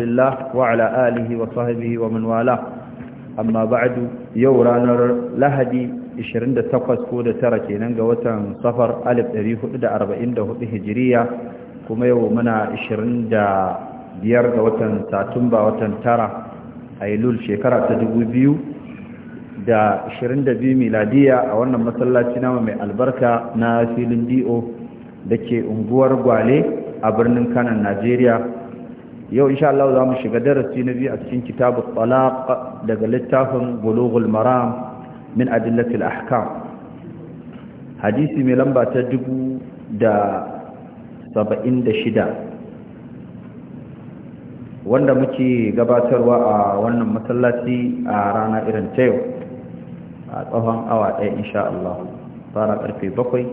الله وعلى آله وصحبه ومن والاه أما بعد يورانا لهدي 28 ko da tara kenan ga watan safar 1444 hijiriya kuma yau muna 25 ga watan satumba watan tara ailul shekara ta 2000 da 22 miladiya a wannan masallaci nama mai albarka na filin do da ke unguwar gwale a birnin kanan najeriya yau insha Allah za mu shiga darasi na biyu a cikin kitabu talaq daga littafin bulughul maram min adillatil ahkam hadisi mai lamba ta dubu da saba'in da shida wanda muke gabatarwa a wannan masallaci a rana irin ta yau a tsawon awa ɗaya insha Allah fara karfe bakwai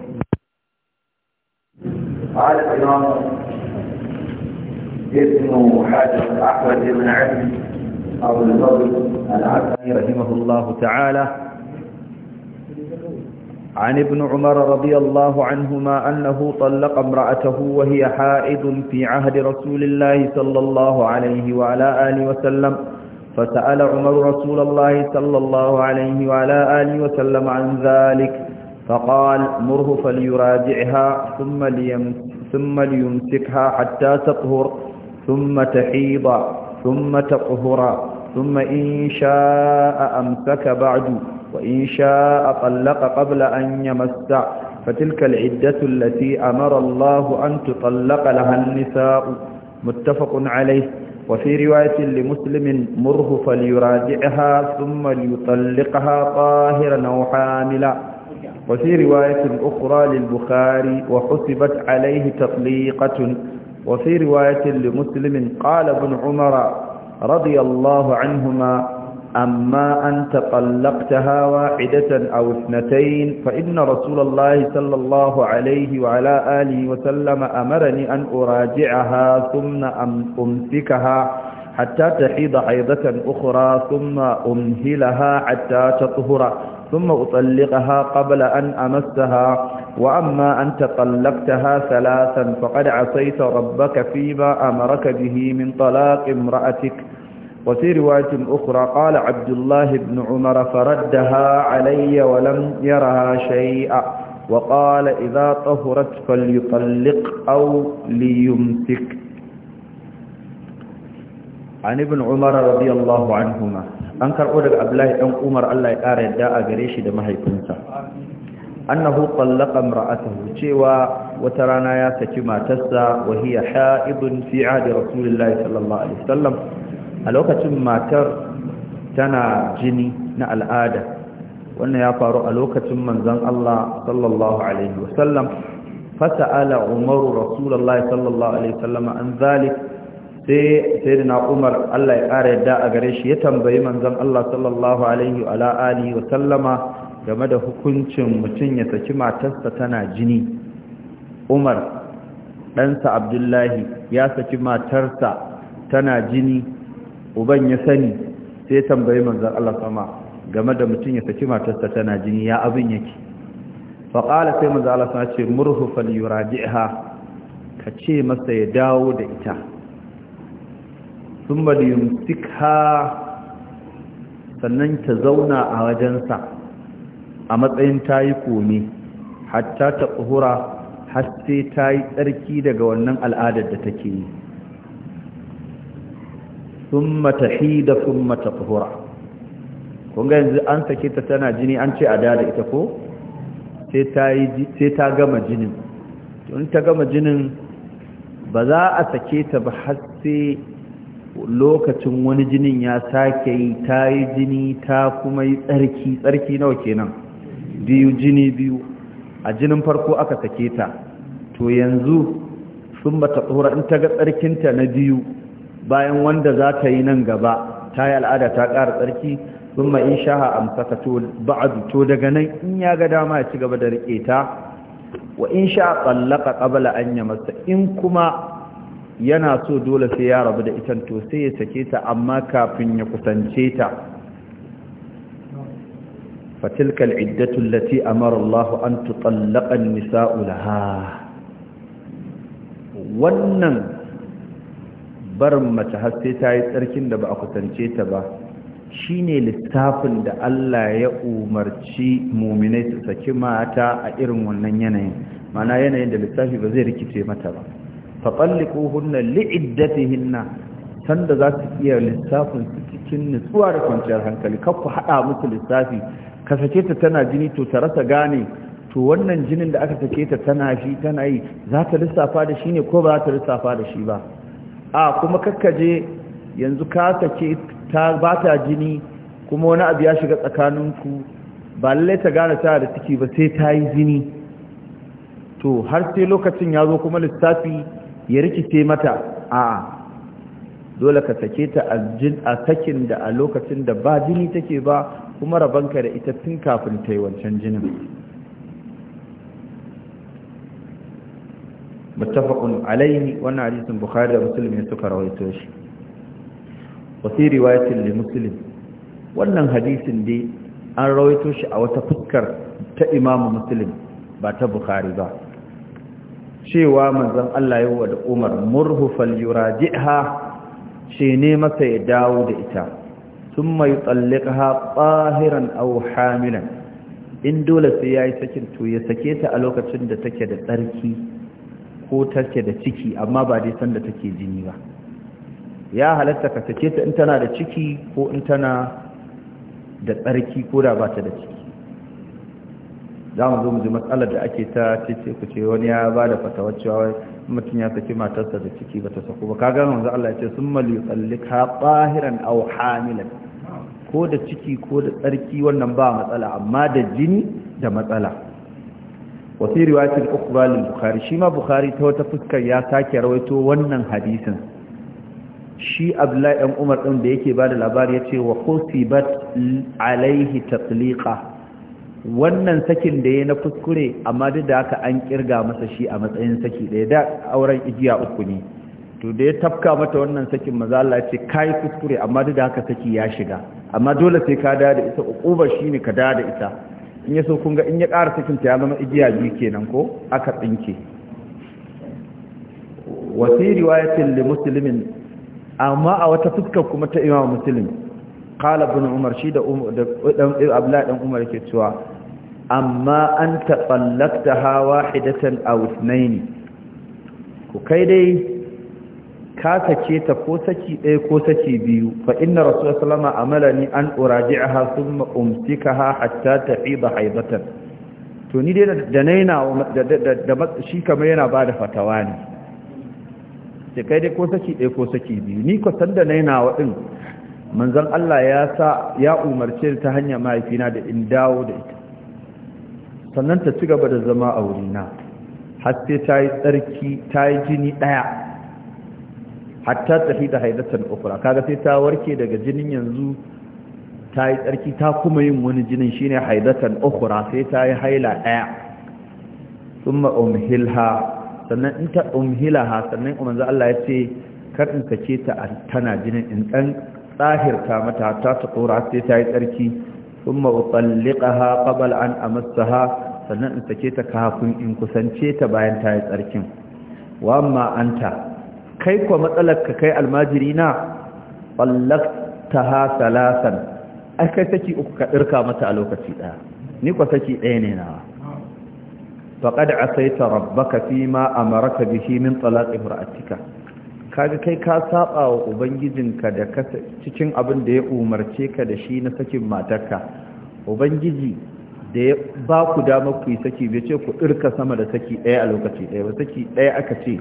ابن حاجب أحمد بن عبد أبو الفضل العسكري رحمه الله تعالى عن ابن عمر رضي الله عنهما أنه طلق امرأته وهي حائض في عهد رسول الله صلى الله عليه وعلى آله وسلم فسأل عمر رسول الله صلى الله عليه وعلى آله وسلم عن ذلك فقال مره فليراجعها ثم ليمسكها حتى تطهر ثم تحيض ثم تقهر ثم إن شاء أمسك بعد وإن شاء طلق قبل أن يمسع فتلك العدة التي أمر الله أن تطلق لها النساء متفق عليه وفي رواية لمسلم مره فليراجعها ثم ليطلقها طاهرا أو حاملا وفي رواية أخرى للبخاري وحسبت عليه تطليقة وفي رواية لمسلم قال ابن عمر رضي الله عنهما أما أن تطلقتها واحدة أو اثنتين فإن رسول الله صلى الله عليه وعلى آله وسلم أمرني أن أراجعها ثم أمسكها حتى تحيض حيضة أخرى ثم أمهلها حتى تطهر ثم أطلقها قبل أن أمسها وأما أن تطلقتها ثلاثا فقد عصيت ربك فيما أمرك به من طلاق امرأتك وفي رواية أخرى قال عبد الله بن عمر فردها علي ولم يرها شيئا وقال إذا طهرت فليطلق أو ليمسك عن ابن عمر رضي الله عنهما أنكر أولك أبلاه أن عمر الله يقارئ داء قريش دمهي كنسا annahu tallaqa imra'atahu cewa wata rana ya saki matarsa wa hiya ha'ibun fi 'ahdi rasulillahi sallallahu alaihi wasallam a lokacin matar tana jini na al'ada wannan ya faru a lokacin manzon Allah sallallahu alaihi wasallam fasa'ala umar rasulullahi sallallahu alaihi wasallam an zalik sai sayyidina umar Allah ya kare da a gare shi ya tambayi manzon Allah sallallahu alaihi wa alihi wasallama game da hukuncin mutum ya saki matarsa tana jini umar ɗansa abdullahi ya saki matarsa tana jini uban ya sani sai tambayi manzan Allah sama game da mutum ya saki matarsa tana jini ya abin yake faƙala sai manzan Allah sama ce murhu falyuraji'ha ka ce masa ya dawo da ita sun baliyun sannan ta zauna a wajensa a matsayin ta yi komi hatta ta tsohura har sai ta yi tsarki daga wannan al'adar da take yi sun mata hida sun mata tsohura kunga yanzu an sake ta tana jini an ce a da ita ko sai ta gama jinin in ta gama jinin ba za a sake ta ba har sai lokacin wani jinin ya sake yi ta yi jini ta kuma yi tsarki tsarki nawa kenan biyu jini biyu a jinin farko aka sake ta to yanzu sun ba ta tsora in ta ga tsarkinta na biyu bayan wanda za ta yi nan gaba ta yi al'ada ta ƙara tsarki sun ma in shaha amsaka to ba'adu to daga nan in ya ga dama ya ci gaba da riƙe ta wa in sha tsallaka ƙabala an yi masa in kuma yana so dole sai ya rabu da ita to sai ya sake ta amma kafin ya kusance ta فتلك العدة التي أمر الله أن تطلق النساء لها tsarkin da ba a kusance ta ba shine littafin da Allah ya umarci muminai su saki mata a irin wannan yanayin mana yanayin da littafi ba zai rikice mata ba faƙallikuhunna hinna sanda za su iya lissafin su cikin nutsuwa da kwanciyar hankali kakku haɗa musu lissafi ka sake ta tana jini to ta rasa gane to wannan jinin da aka sake ta tana shi tana yi za ta lissafa da shi ne ko ba za ta lissafa da shi ba a kuma kakkaje yanzu ka sake ta ba ta jini kuma wani abu ya shiga tsakaninku ba lallai ta gane ta da ciki ba sai ta yi jini to har sai lokacin ya zo kuma lissafi ya rikice mata a dole ka sake ta a sakin da a lokacin da ba jini take ba kuma rabanka da ita tun kafin ta yi wancan jinin muttafaqun alayhi wannan hadisin bukhari da muslim ya suka rawaito shi wa fi riwayatin li muslim wannan hadisin dai an rawaito shi a wata fuskar ta imamu muslim ba ta bukhari ba cewa manzon Allah ya wa da Umar murhu fal yuraji'ha shi ne masa ya dawo da ita ثم يطلقها طاهرا أو hamilan in dole sai ya yi sakin to ya sake ta a lokacin da take da tsarki ko take da ciki amma ba dai san da take jini ba ya halatta ka sake ta in tana da ciki ko in tana da tsarki ko da ba ta da ciki za mu zo mu ji matsalar da ake ta cece ku ce wani ya ba da fatawa cewa mutum ya saki matarsa da ciki ba ta sako ba kaga wanzu Allah ya ce sun mali tsallika bahiran aw hamilan ko da ciki ko da tsarki wannan ba matsala amma da jini da matsala Wasu fi riwayatin ukhra lil bukhari shi ma bukhari ta wata fuskar ya sake rawaito wannan hadisin shi abdullahi dan umar din da yake ba da labari yace wa qusibat alaihi tatliqa wannan sakin da ya na kuskure amma duk da haka an kirga masa shi a matsayin saki ɗaya da auren igiya uku ne to da ya tafka mata wannan sakin maza Allah ce kai kuskure amma duk da haka saki ya shiga amma dole sai ka da ita ukuba shine ka da ita in ya so kun ga in ya ƙara sakin ta ya zama igiya biyu kenan ko aka tsinke wa fi riwayatin li muslimin amma a wata fuska kuma ta imama muslim قال ابن umar shi da ابن abdullahi الله umar yake cewa amma an taɓallakta hawa hidatan a wasnaini ku kai dai ka sace ta ko saki ɗaya ko saki biyu fa inna rasu salama amala ni an uraji a hasun ma'umtika ha hatta tafi ba haibatan to ni dai da naina da shi kamar yana ba da fatawa ne ce kai dai ko saki ɗaya ko saki biyu ni san da naina waɗin manzan Allah ya sa ya umarce ta hanyar mahaifina da in dawo da ita sannan ta ci gaba da zama a wurina sai ta yi tsarki ta yi jini ɗaya hatta fi da haidatan ukura kaga sai ta warke daga jinin yanzu ta yi tsarki ta kuma yin wani jinin shine haidatan ukura sai ta yi haila ɗaya summa umhilha sannan in ta umhilaha sannan manzo Allah ya ce kar in sake ta tana jinin in dan tsahirta mata ta ta tsora sai ta yi tsarki thumma utalliqaha qabla an amassaha sannan in sake ta kafin in kusance ta bayan ta yi tsarkin wa amma anta kai kuwa matsalar ka kai almajiri na ballaktaha salasan ai kai saki uku ka ɗirka mata a lokaci ɗaya. ni kuwa saki ɗaya ne nawa faqad asaita rabbaka a maraka bihi min talaqi imra'atika kaga kai ka saba wa ubangijinka da cikin abin da ya umarce ka da shi na sakin matarka ubangiji da ya ba ku dama ku yi saki bai ce ku irka sama da saki ɗaya a lokaci ɗaya ba saki ɗaya aka ce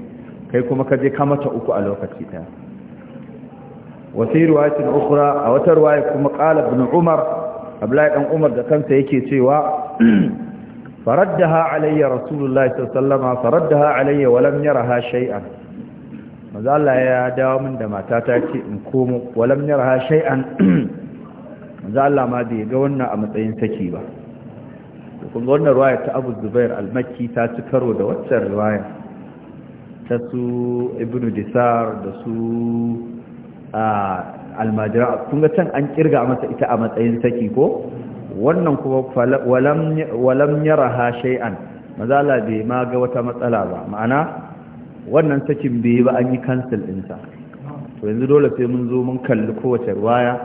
kai kuma ka je kamata uku a lokaci ɗaya wasu ruwayatin ukura a wata ruwaya kuma ƙala bin umar abdullahi ɗan umar da kansa yake cewa faraddaha alayya rasulullahi sallallahu alaihi faradda faraddaha alayya walam ha shay'an maza Allah ya dawo min da matata ce in komo walam yarha shay'an maza Allah ma bai ga wannan a matsayin saki ba kun ga wannan riwaya ta Abu Zubair al-Makki ta ci karo da waccan riwaya ta su Ibn Disar da su al kun ga can an kirga masa ita a matsayin saki ko wannan kuma walam walam yarha shay'an maza Allah bai ma ga wata matsala ba ma'ana wannan sakin bai ba an yi kansil ɗinsa to yanzu dole sai mun zo mun kalli kowace waya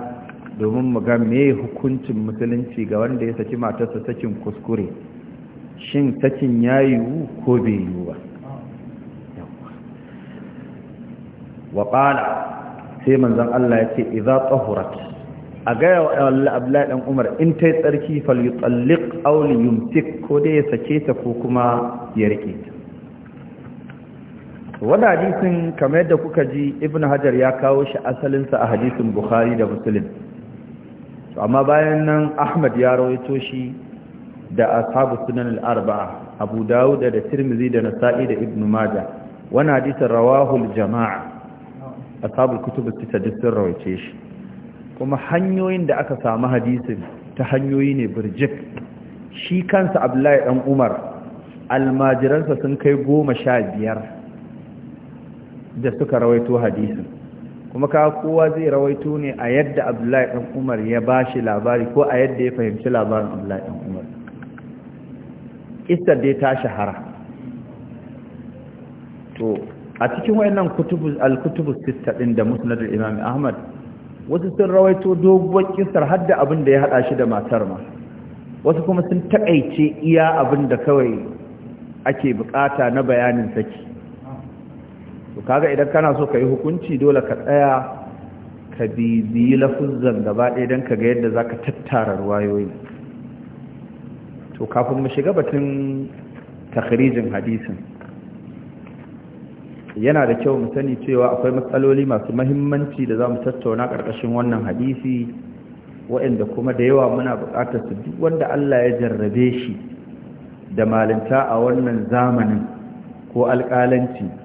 domin mu ga me hukuncin musulunci ga wanda ya saki matarsa sakin kuskure shin sakin ya yiwu ko bai yiwu ba wa ƙala sai manzan Allah ya ce iza tsohurat a gaya wa Allah abdullahi ɗan umar in ta yi tsarki tsallik aul yumtik ko dai ya sake ta ko kuma ya rike ta wanda hadisin kamar yadda kuka ji ibn hajar ya kawo shi asalinsa a hadisin bukhari da muslim amma bayan nan ahmad ya rawaito shi da ashabu sunan al-arba'a abu Dawuda da tirmizi da nasa'i da ibn majah wannan hadisin rawahu al-jama'a ashabu kutub as-sita rawaice shi kuma hanyoyin da aka samu hadisin ta hanyoyi ne burjik shi kansa abdullahi dan umar almajiransa sun kai goma sha biyar da suka rawaito hadisin kuma ka kowa zai rawaito ne a yadda abdullahi ɗan umar ya ba shi labari ko a yadda ya fahimci labarin abdullahi ɗan umar istar dai ta shahara to a cikin wayannan kutubus al-kutubus sita da musnad imam ahmad wasu sun rawaito doguwar kisar har da abin da ya hada shi da matar ma wasu kuma sun takaice iya abin da kawai ake bukata na bayanin saki to kaga idan kana so ka yi hukunci dole ka tsaya ka bibiyi lafuzzan gaba ɗaya don ka ga yadda za ka tattara ruwayoyi to kafin mu shiga batun takhrijin hadisin yana da kyau mu sani cewa akwai matsaloli masu mahimmanci da za mu tattauna ƙarƙashin wannan hadisi wa'inda kuma da yawa muna buƙatar su duk wanda Allah ya jarrabe shi da malinta a wannan zamanin ko alƙalanci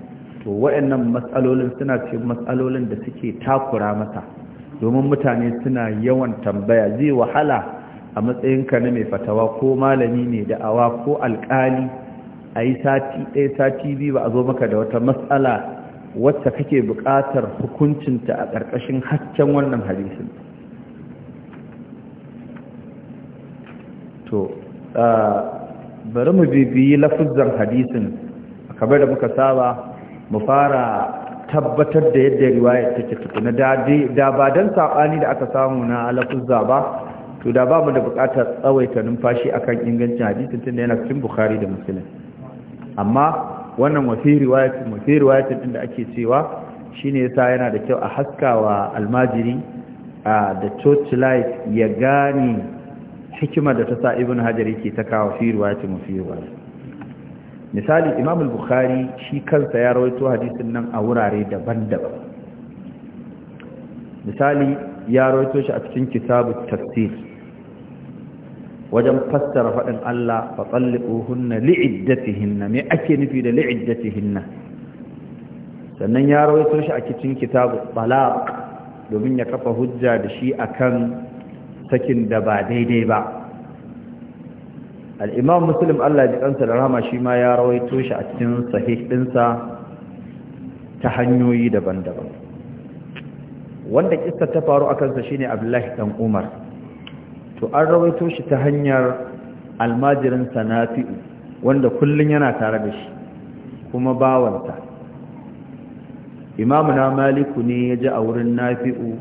to waɗannan matsalolin suna cikin matsalolin da suke takura masa domin mutane suna yawan tambaya zai wahala a matsayin ka na mai fatawa ko malami ne da awa ko alƙali a yi sati ɗaya sati biyu ba a zo maka da wata matsala wacce kake buƙatar hukuncinta a ƙarƙashin hasken wannan hadisin to ah, bari mu bibiyi lafuzzan hadisin kamar da muka saba mu fara tabbatar da yadda riwayar take dadi da ba don saɓani da aka samu na lafuzza ba to da ba mu da buƙatar tsawaita numfashi akan ingancin hadisin tunda yana cikin bukhari da muslim amma wannan wafi mu wafi riwayatin din da ake cewa shine yasa yana da kyau a haskawa almajiri da church light ya gani hikima da ta sa ibn hajar yake ta kawo fi mu wafi riwayatin misali imam al-bukhari shi kansa ya rawaito hadisin nan a wurare daban-daban misali ya rawaito shi a cikin kitabu tafsir wajen fassara faɗin Allah fa talliquhunna li'iddatihinna me ake nufi da li'iddatihinna sannan ya rawaito shi a cikin kitabu talaq domin ya kafa hujja da shi akan sakin da ba daidai ba al'imam muslim allah ji ƙansa da rama shi ma ya rawaito shi a cikin sahih ɗinsa ta hanyoyi daban-daban wanda kista ta faru a kansa shine abdullahi ɗan umar to an rawaito shi ta hanyar almajirin sanafi'u wanda kullum yana tare da shi kuma bawanta imamu na maliku ne ya ji a wurin nafi'u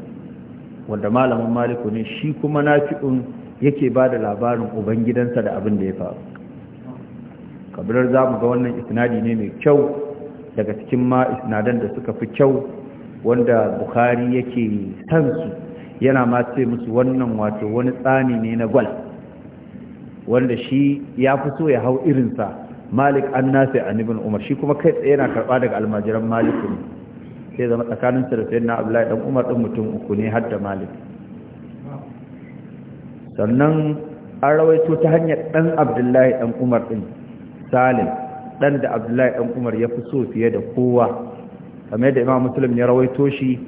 wanda malamin maliku ne shi kuma nafi'un yake ba da labarin ubangidansa da abin da ya faru kabilar za mu ga wannan isnadi ne mai kyau daga cikin ma isnadan da suka fi kyau wanda bukari yake su yana ma ce musu wannan wato wani tsani ne na gwal wanda shi ya fi so ya hau irinsa malik an nasi a nibin umar shi kuma kai tsaye yana karɓa daga almajiran malik ne sai zama tsakaninsa da sayan na abu dan umar ɗin mutum uku ne har da malik sannan an rawaito ta hanyar ɗan abdullahi ɗan umar ɗin salim ɗan da abdullahi ɗan umar ya fi so fiye da kowa kamar da imam musulun ya rawaito shi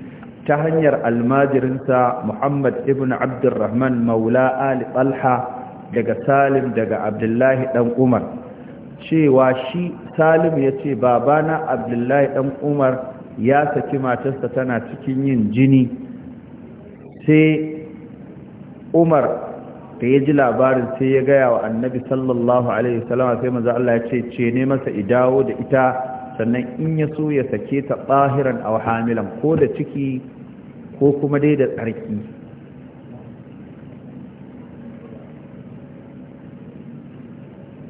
ta hanyar almajirinsa muhammad ibn abdurrahman maula ali ɓalha daga salim daga abdullahi ɗan umar cewa shi salim ya ce babana abdullahi ɗan umar ya saki matarsa tana cikin yin jini sai umar da ya ji labarin sai ya gaya wa annabi sallallahu alaihi sai maza Allah ya ce ce ne masa idawo da ita sannan in ya so ya sake ta tsahiran a hamilan ko da ciki ko kuma dai da tsarki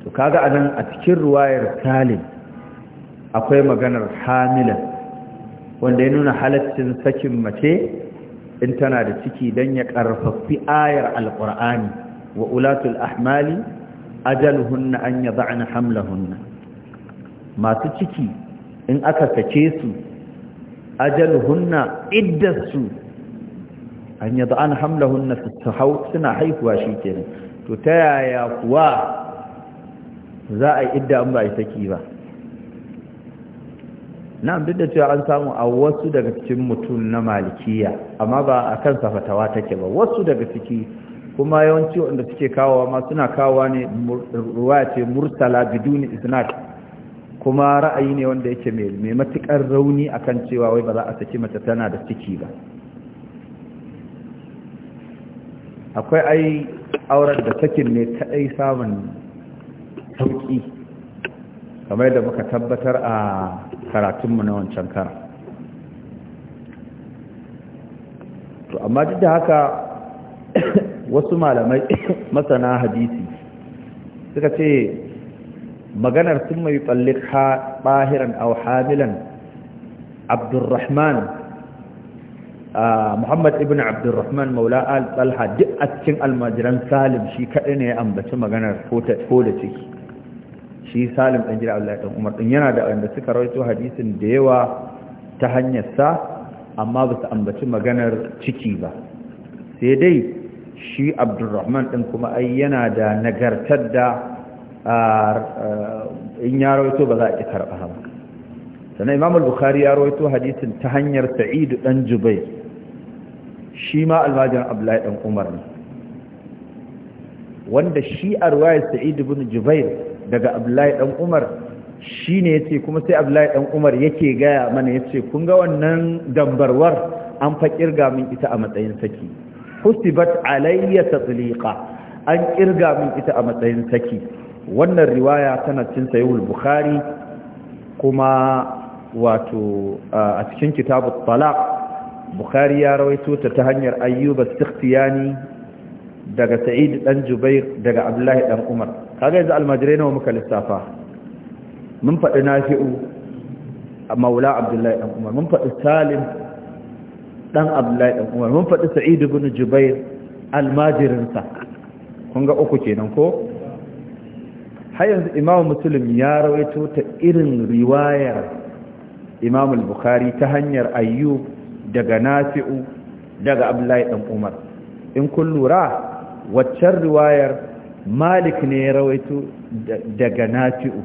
to kaga anan a cikin ruwayar talib akwai maganar hamilan wanda ya nuna halaccin sakin mace in tana da ciki don ya ƙarfafi ayar alƙur'ani wa ulatul ahmali hunna an ya za'ana hunna. masu ciki in aka sake su hunna iddarsu an ya za'ana hamla su hau suna haihuwa shi to ta yaya kuwa za a idda an ba a saki ba na duk da cewa an samu a wasu daga cikin mutum na malikiya amma ba a kan safatawa take ba wasu daga ciki kuma yawanci wanda suke kawowa ma suna kawowa ne ruwa ce Murtala biduni isnad kuma ra'ayi ne wanda yake mai matukar rauni akan cewa wai ba za a saki mace tana da ciki ba akwai ai auren da sakin ne ta kaɗai samun sauƙi kamar da muka tabbatar a karatunmu na wancan kara to amma duk da haka wasu malamai masana hadisi suka ce maganar sun mai tsallik ɓahiran au hamilan abdurrahman muhammad ibn abdurrahman maula al-talha duk a cikin almajiran salim shi kaɗai ne ya ambaci maganar ko da ciki shi salim ɗan jira Allah ɗan umar ɗin yana da wanda suka rawaito hadisin da yawa ta hanyar sa amma ba su ambaci maganar ciki ba sai dai shi abdurrahman ɗin kuma ai yana da nagartar da in ya rawaito ba za a ƙi karɓa ba sannan imam al-bukhari ya rawaito hadisin ta hanyar sa'idu Dan jubai shi ma almajin abdullahi ɗan umar ne wanda shi a ruwayar sa'idu bin jubair daga abdullahi dan umar shi ne ya ce kuma sai abdullahi dan umar yake gaya mana ya ce kun ga wannan dambarwar an faƙirga min ita a matsayin saki husibat alayya tatliqa an ƙirga min ita a matsayin saki wannan riwaya tana cin sayuwar bukhari kuma wato a cikin kitabu talaq bukhari ya rawaito ta ta hanyar ayyuba sikhtiyani daga sa'id dan jubair daga abdullahi dan umar kaga yanzu almajirai nawa muka lissafa mun faɗi nafi'u maula abdullahi dan umar mun faɗi salim dan abdullahi dan umar mun faɗi sa'id ibn jubair almajirinsa kun ga uku kenan ko har yanzu imamu muslim ya rawaito ta irin riwayar imamu bukhari ta hanyar ayyub daga nafi'u daga abdullahi dan umar in kun lura waccan riwayar malik ne ya rawaito daga nafi'u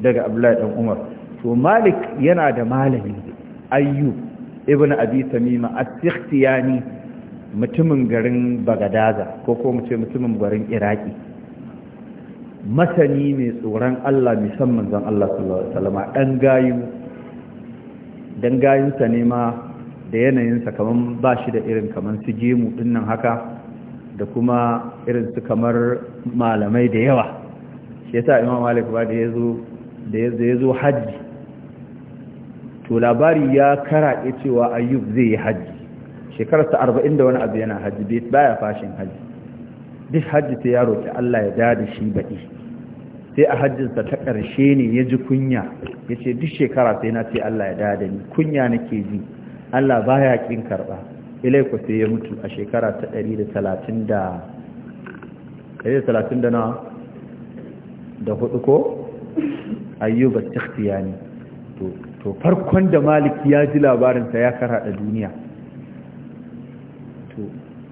daga abdullahi dan umar to malik yana da malami ayyu ibn abi tamima as-sikhtiyani mutumin garin bagadaza ko ko mu ce mutumin garin iraki masani mai tsoron Allah musamman zan Allah sallallahu alaihi wasallam dan gayu dan gayunsa ne ma da yanayinsa kaman bashi da irin kaman su gemu dinnan haka da kuma irin su kamar malamai da yawa shi yasa imam malik ba da yazo da yazo haji to labari ya ke cewa ayyub zai yi haji shekararsa arba'in da wani abu yana haji baya fashin haji duk hajji sai ya roki Allah ya da shi baki sai a hajjinsa ta ƙarshe ne ya ji kunya yace duk shekara sai na ce Allah ya da ni kunya nake ji Allah baya kin karɓa ilai sai ya mutu a shekara ta 130 da 130 na da hudu ko ayyuba tikhtiyani to to farkon da maliki ya ji labarinsa ya karada duniya to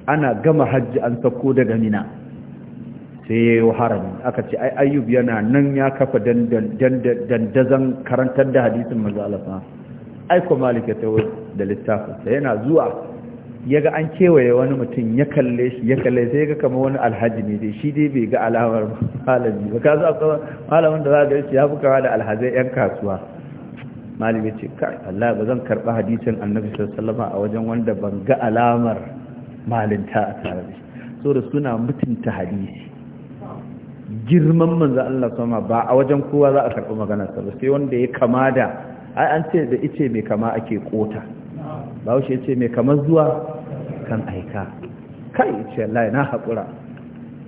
ana gama hajji an sako daga mina sai ya yi harami aka ce ai ayyub yana nan ya kafa dandazan karantar da hadisin mazalasa aiko malik ya tawo da littafinsa yana zuwa ya ga an kewaye wani mutum ya kalle shi ya kalle sai ga kama wani alhaji ne dai shi dai bai ga alamar malami ba ka zuwa malamin da za ga shi ya fi kama da alhazai yan kasuwa malami ce ka Allah ba zan karɓi hadisin annabi sallama a wajen wanda ban ga alamar malinta a tare da shi so da suna mutunta hadisi girman manzan Allah sama ba a wajen kowa za a karɓi magana sa ba sai wanda ya kama da ai an ce da ice mai kama ake kota bawo ya ce mai kamar zuwa kan aika kai ce Allah na haƙura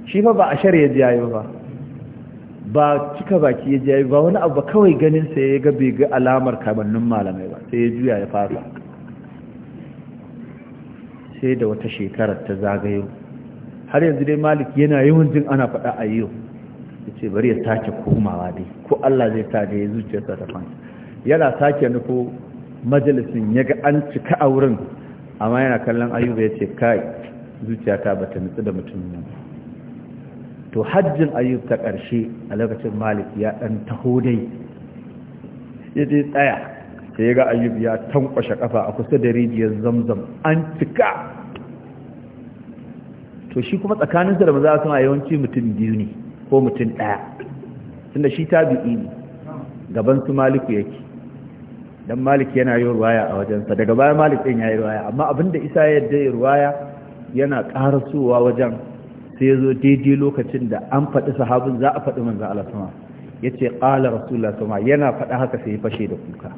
shi fa ba a shari'a jayo ba ba cika baki ya jayo ba wani abu kawai ganin sa ya ga bai ga alamar kamannin malamai ba sai ya juya ya fasa sai da wata shekarar ta zagayo har yanzu dai malik yana yawan jin ana faɗa a yau ya ce bari ya sake komawa dai ko Allah zai ta da ya zuciyarsa ta fanta yana sake nufo majalisin ya ga an cika a wurin amma yana kallon ayyuba ya ce kai zuciyata ba ta nutsu da mutum nan to hajjin ayyub ta karshe a lokacin malik ya ɗan taho dai ya je tsaya sai ya ga ayyub ya tankwashe kafa a kusa da rijiyar zamzam an cika to shi kuma tsakaninsa da maza suna yawanci mutum biyu ne ko mutum ɗaya tunda shi tabi'i ne gaban su maliku yake dan malik yana yin ruwaya a wajensa daga baya malik ɗin ya yi ruwaya amma abinda isa ya yadda ya ruwaya yana ƙarasowa wajen sai ya zo daidai lokacin da an faɗi sahabin za a faɗi manzan Allah sama ya ce ƙala rasulullah sama yana faɗa haka sai ya fashe da kuka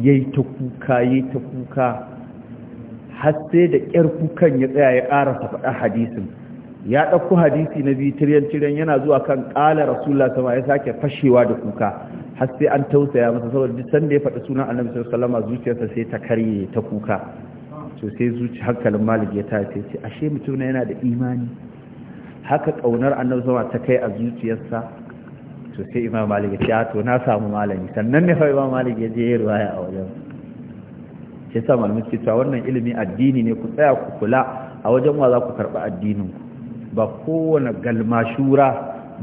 ya yi ta kuka ya ta kuka har sai da ƙyar kukan ya tsaya ya ƙarasa faɗa hadisin ya ɗauko hadisi na biyu tiryan tiryan yana zuwa kan ƙala rasulullah sama ya sake fashewa da kuka har sai an tausaya masa saboda duk sanda ya faɗi sunan annabi sallallahu alaihi zuciyarsa sai ta karye ta kuka to sai zuci hankalin malik ya tashi ce ashe mutum na yana da imani haka kaunar annabi sama ta kai a zuciyarsa to sai imam malik ya ce ah, to na samu malami sannan ne fa imam malik ya je ya riwaya a wajen sai sa malamin ce wannan ilimi addini ne ku tsaya ku kula a wajen wa za ku karɓi addinin ku ba kowane galmashura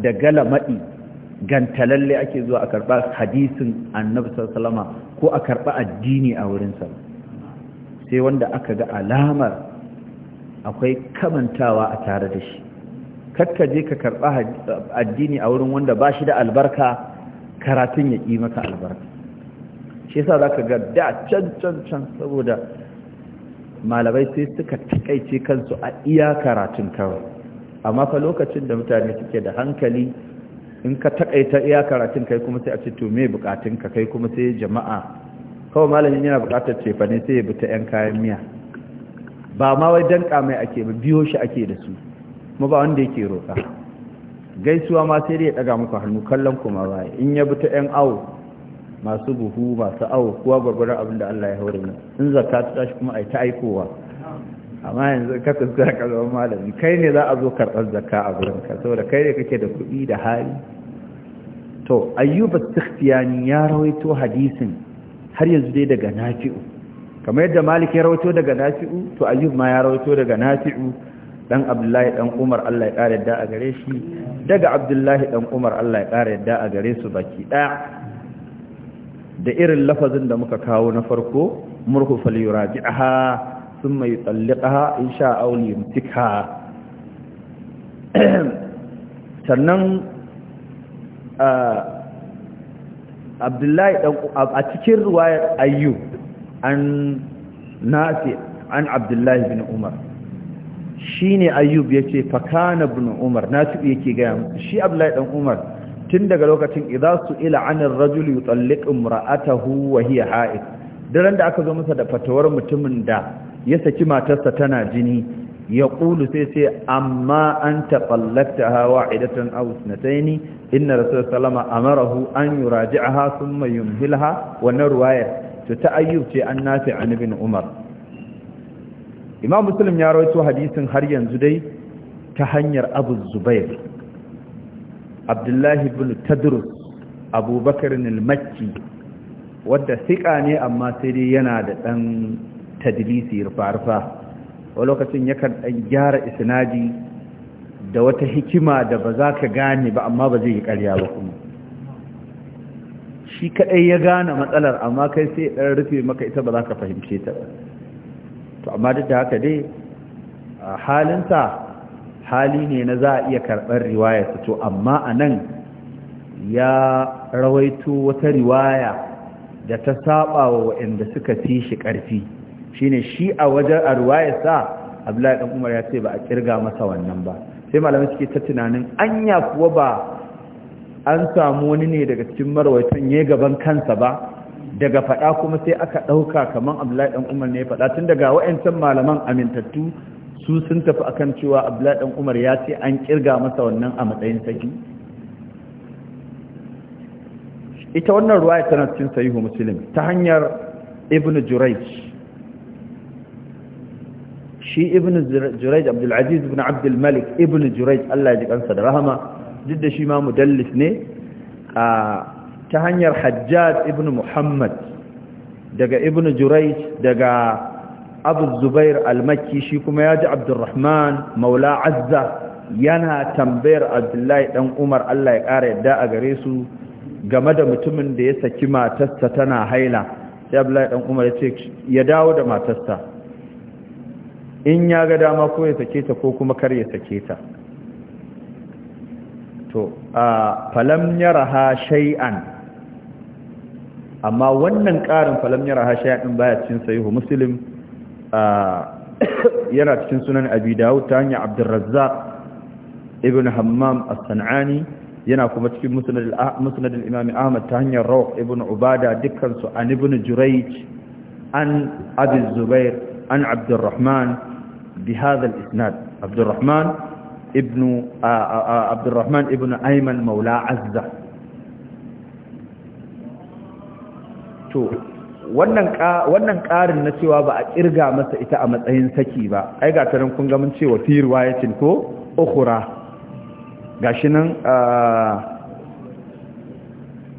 da galamaɗi gantalalle ake zuwa a karɓa hadisin annabi sallama ko a karɓa addini a wurinsa sai wanda aka ga alamar akwai kamantawa a tare da shi kakka je ka karɓa addini a wurin wanda ba shi da albarka karatun ya ƙi maka albarka shi yasa za ka ga da can can can saboda malamai sai suka taƙaice kansu a iya karatun kawai amma fa lokacin da mutane suke da hankali in ka takaita iya karatun kai kuma sai a ce to me bukatunka kai kuma sai jama'a kawai malamin yana bukatar cefane sai ya bi ta 'yan kayan miya ba ma wai danka mai ake ba biyo shi ake da su kuma ba wanda yake roƙa gaisuwa ma sai dai ya daga muku hannu kallon kuma baya in ya bi ta 'yan awo masu buhu masu awo kuwa gwagwarar abin da Allah ya haure mu in zakka ta tashi kuma a yi ta aikowa amma yanzu ka kuskura ka zama malami kai ne za a zo karɓar zakka a ka saboda kai ne kake da kuɗi da hali to ayyuba tikhtiyani ya rawaito hadisin har yanzu dai daga nafi'u kamar yadda malik ya rawaito daga nafi'u to ayyub ma ya rawaito daga nafi'u dan abdullahi dan umar Allah ya ƙara yadda a gare shi daga abdullahi dan umar Allah ya ƙara yadda a gare su baki ɗaya da irin lafazin da muka kawo na farko murhu aha. ثم يطلقها إن شاء أو ليمسكها sannan abdullahi a cikin ruwayar ayyub an nasi an abdullahi bin umar shi ne ayyub ya ce fakana bin umar nasi yake gaya shi abdullahi dan umar tun daga lokacin idan su ila anin rajul yi tsallik imra'atahu wa hiya ha'id duran da aka zo masa da fatawar mutumin da ya saki matarsa tana jini ya ƙulu sai sai amma an taɓallata hawa idatan ausnataini inna rasul salama amarahu an yi raji'aha sun mai yumhilha wannan ruwayar ta ayyub ce an nafi a ibn umar imam muslim ya rawaito hadisin har yanzu dai ta hanyar abu zubair abdullahi ibn tadrus abubakar al wadda siƙa ne amma sai dai yana da ɗan tadlisi rufa-rufa wani lokacin yakan ɗan gyara isnadi da wata hikima da ba za ka gane ba amma ba zai yi ƙarya ba kuma shi kaɗai ya gane matsalar amma kai sai ɗan rufe maka ita ba za ka fahimce ta to amma duk da haka dai halinsa hali ne na za a iya karɓar riwayarsa to amma a nan ya rawaito wata riwaya da ta saɓa wa waɗanda suka fi shi ƙarfi shine shi a wajen a sa abdullahi dan umar ya ce ba a kirga masa wannan ba sai malamai suke ta tunanin anya kuwa ba an samu wani ne daga cikin marwaitan ya gaban kansa ba daga faɗa kuma sai aka ɗauka kamar abdullahi dan umar ne ya fada tun daga wayancan malaman amintattu su sun tafi akan cewa abdullahi dan umar ya ce an kirga masa wannan a matsayin saki ita wannan ruwaya tana cikin sahihu muslim ta hanyar ibnu jurayj shi ibn jurayj abdul aziz ibn abdul malik ibn jurayj Allah ya ji kansa da rahama duk da shi ma mudallis ne a ta hanyar hajjaj ibn muhammad daga ibn jurayj daga abu zubair al-makki shi kuma ya ji abdurrahman maula azza yana tambayar abdullahi dan umar Allah ya kara yadda a gare su game da mutumin da ya saki matarsa tana haila sai abdullahi dan umar ya ce ya dawo da matarsa in ya ga dama ko ya sake ta ko kuma kar ya sake ta to a falam yaraha shay'an amma wannan ƙarin falam yaraha shay'an baya cikin sahihu muslim yana cikin sunan abi dawud ta hanyar abdurrazzaq ibn hammam as-sanani yana kuma cikin musnad al-imam ahmad ta hanyar rawq ibn ubada dukkan su an ibn jurayj an abi zubair an abdurrahman بهذا الإسناد عبد الرحمن ابن عبد الرحمن ابن أيمن مولى عزة تو wannan wannan ƙarin na cewa ba a kirga masa ita a matsayin saki ba ai ga tarin kun ga mun cewa fi riwayatin ko ukhra gashi nan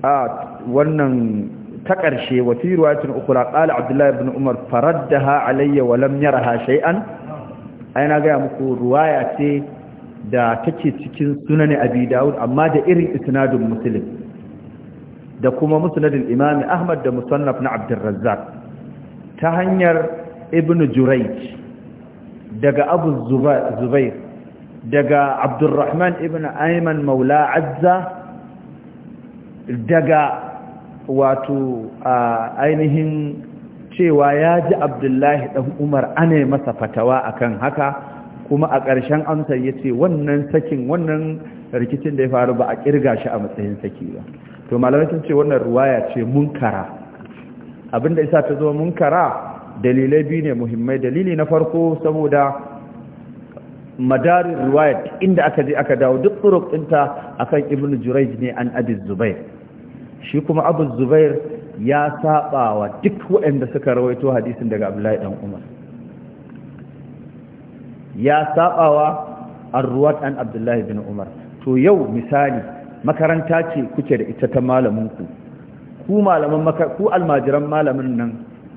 a wannan ta ƙarshe wa fi riwayatin ukhra qala abdullahi ibn umar faraddaha alayya wa lam yaraha shay'an ai na gaya muku ruwaya ce da take cikin sunan abi dawud amma da irin isnadin muslim da kuma musnadin imami ahmad da musannaf na abdurrazzaq ta hanyar ibn jurayj daga abu zubair daga abdurrahman ibn ayman maula azza daga wato ainihin cewa ya ji abdullahi ɗan umar ana masa fatawa akan haka kuma a ƙarshen amsa ya ce wannan sakin wannan rikicin da ya faru ba a ƙirga shi a matsayin saki ba to malamai ce wannan ruwaya ce munkara abinda isa ta zo munkara dalilai biyu ne muhimmai dalili na farko saboda madarin ruwaya inda aka je aka dawo duk turuk ɗinta akan ibn jurayj ne an abin zubair shi kuma abin zubair ya saba wa duk waɗanda suka rawaito hadisin daga abdullahi dan umar ya saba wa arruwat an abdullahi bin umar to yau misali makaranta ce kuke da ita ta malaminku ku malaman ku almajiran malamin nan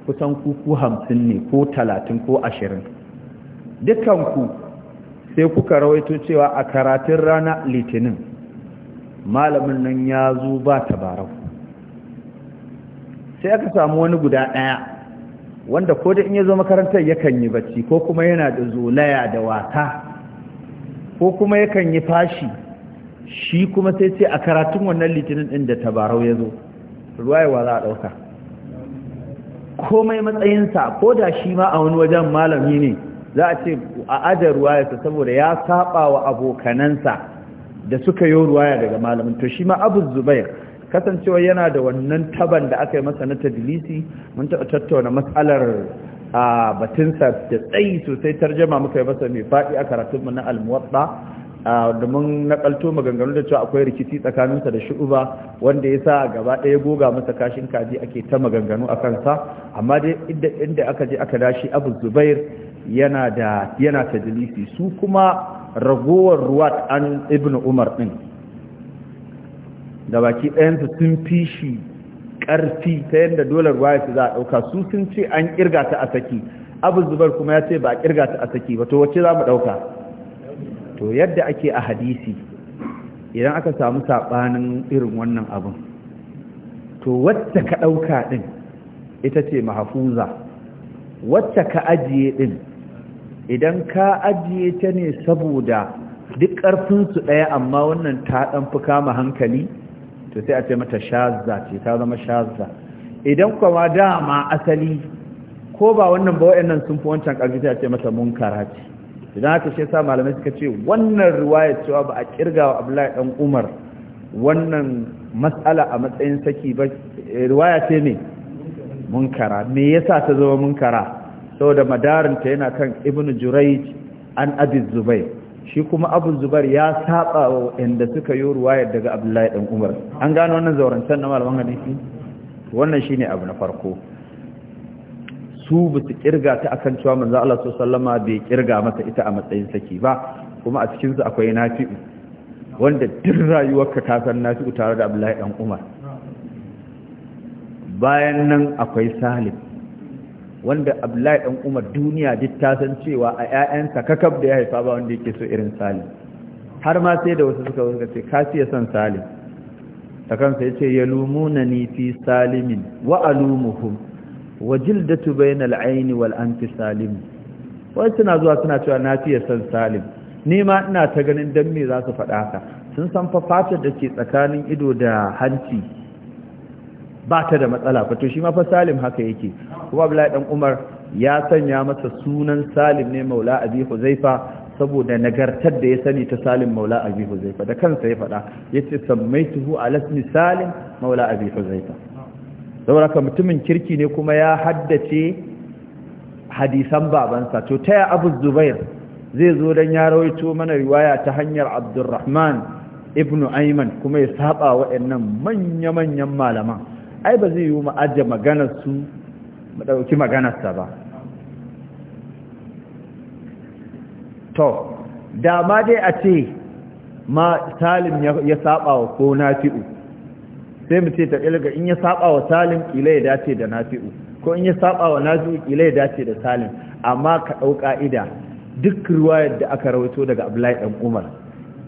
kusan ku ku hamsin ne ko talatin ko ashirin dukanku sai kuka rawaito cewa a karatun rana litinin malamin nan ya zo ba tabarau sai aka samu wani guda ɗaya wanda ko da in ya zo makarantar yakan yi bacci ko kuma yana da zolaya da wata ko kuma yakan yi fashi shi kuma sai ce a karatun wannan litinin ɗin da tabarau ya zo ruwayewa za a ɗauka komai matsayinsa ko da shi ma a wani wajen malami ne za a ce a ajar ruwayarsa saboda ya saba wa abokanansa da suka yi ruwaya daga malamin to shi ma abu zubair kasancewa yana da wannan taban da aka yi masa na tadilisi mun taɓa tattauna matsalar a batunsa da tsayi sosai tarjama muka yi masa mai faɗi a karatunmu na almuwaɗa domin nakalto maganganu da cewa akwai rikici tsakaninsa da shu'uba wanda ya sa gaba ɗaya goga masa kashin kaji ake ta maganganu a kansa amma dai inda aka je aka dashi abu zubair yana da yana tadilisi su kuma ragowar ruwat an ibnu umar ɗin da baki ɗayansu sun fi shi ƙarfi ta yadda dole ruwaya su za a ɗauka su sun ce an ƙirga ta a saki abu zubar kuma ya ce ba a ƙirga ta a saki ba to wacce za mu ɗauka to yadda ake a hadisi idan aka samu saɓanin irin wannan abin to wacce ka ɗauka ɗin ita ce mahafuza wacce ka ajiye ɗin idan ka ajiye ta ne saboda duk ƙarfinsu ɗaya amma wannan ta ɗan fi kama hankali to sai a ce mata shazza ce ta zama shazza idan kuma dama asali ko ba wannan ba wayannan sun fi wancan ƙarfi sai a ce mata munkara ce idan haka shi sa malamai suka ce wannan riwaya cewa ba a kirga wa Abdullahi dan Umar wannan matsala a matsayin saki ba eh, riwaya ce ne munkara me yasa ta zama munkara saboda madarinta yana kan ibnu jurayj an abi zubayr shi kuma abu zubar ya saba wa waɗanda suka yi ruwayar daga abdullahi dan umar an gano wannan zaurantar na malaman hadisi wannan shi ne abu na farko su ba su kirga ta akan cewa manzo Allah sallama bai kirga masa ita a matsayin saki ba kuma a cikin su akwai nafi'u wanda duk rayuwar ka san nafi'u tare da abdullahi dan umar bayan nan akwai salim wanda abdullahi dan umar duniya duk ta san cewa a ƴaƴansa kakab da ya haifa ba wanda yake so irin sali. har ma sai da wasu suka suka ce ka siya son sali. ta kansa ya lumu ni fi salimin wa alumuhum wa jildatu bainal aini wal anfi salim wai suna zuwa suna cewa na fiye son salim ni ma ina ta ganin dan me za su faɗa ka sun san fa fatar da ke tsakanin ido da hanci ba ta da matsala fa to shi ma fa salim haka yake kuma abdullahi dan umar ya sanya masa sunan salim ne maula abi huzaifa saboda nagartar da ya sani ta salim maula abi huzaifa da kansa ya faɗa yace sammaituhu ala ismi salim maula abi huzaifa saboda mutumin kirki ne kuma ya haddace hadisan babansa to taya abu zubair zai zo dan ya rawaito mana riwaya ta hanyar abdurrahman ibnu ayman kuma ya saba waɗannan manya-manyan malaman ai ba zai yi wa ajiye maganar su ɗauki maganarsa ba to da ma dai a ce ma salim ya saba wa ko nafi'u sai mu ce ta ilga in ya saba wa salim ƙila ya dace da nafi'u ko in ya saba wa nafi'u ƙila ya dace da salim amma ka ɗau ƙa'ida duk ruwayar da aka rawaito daga abdullahi ɗan umar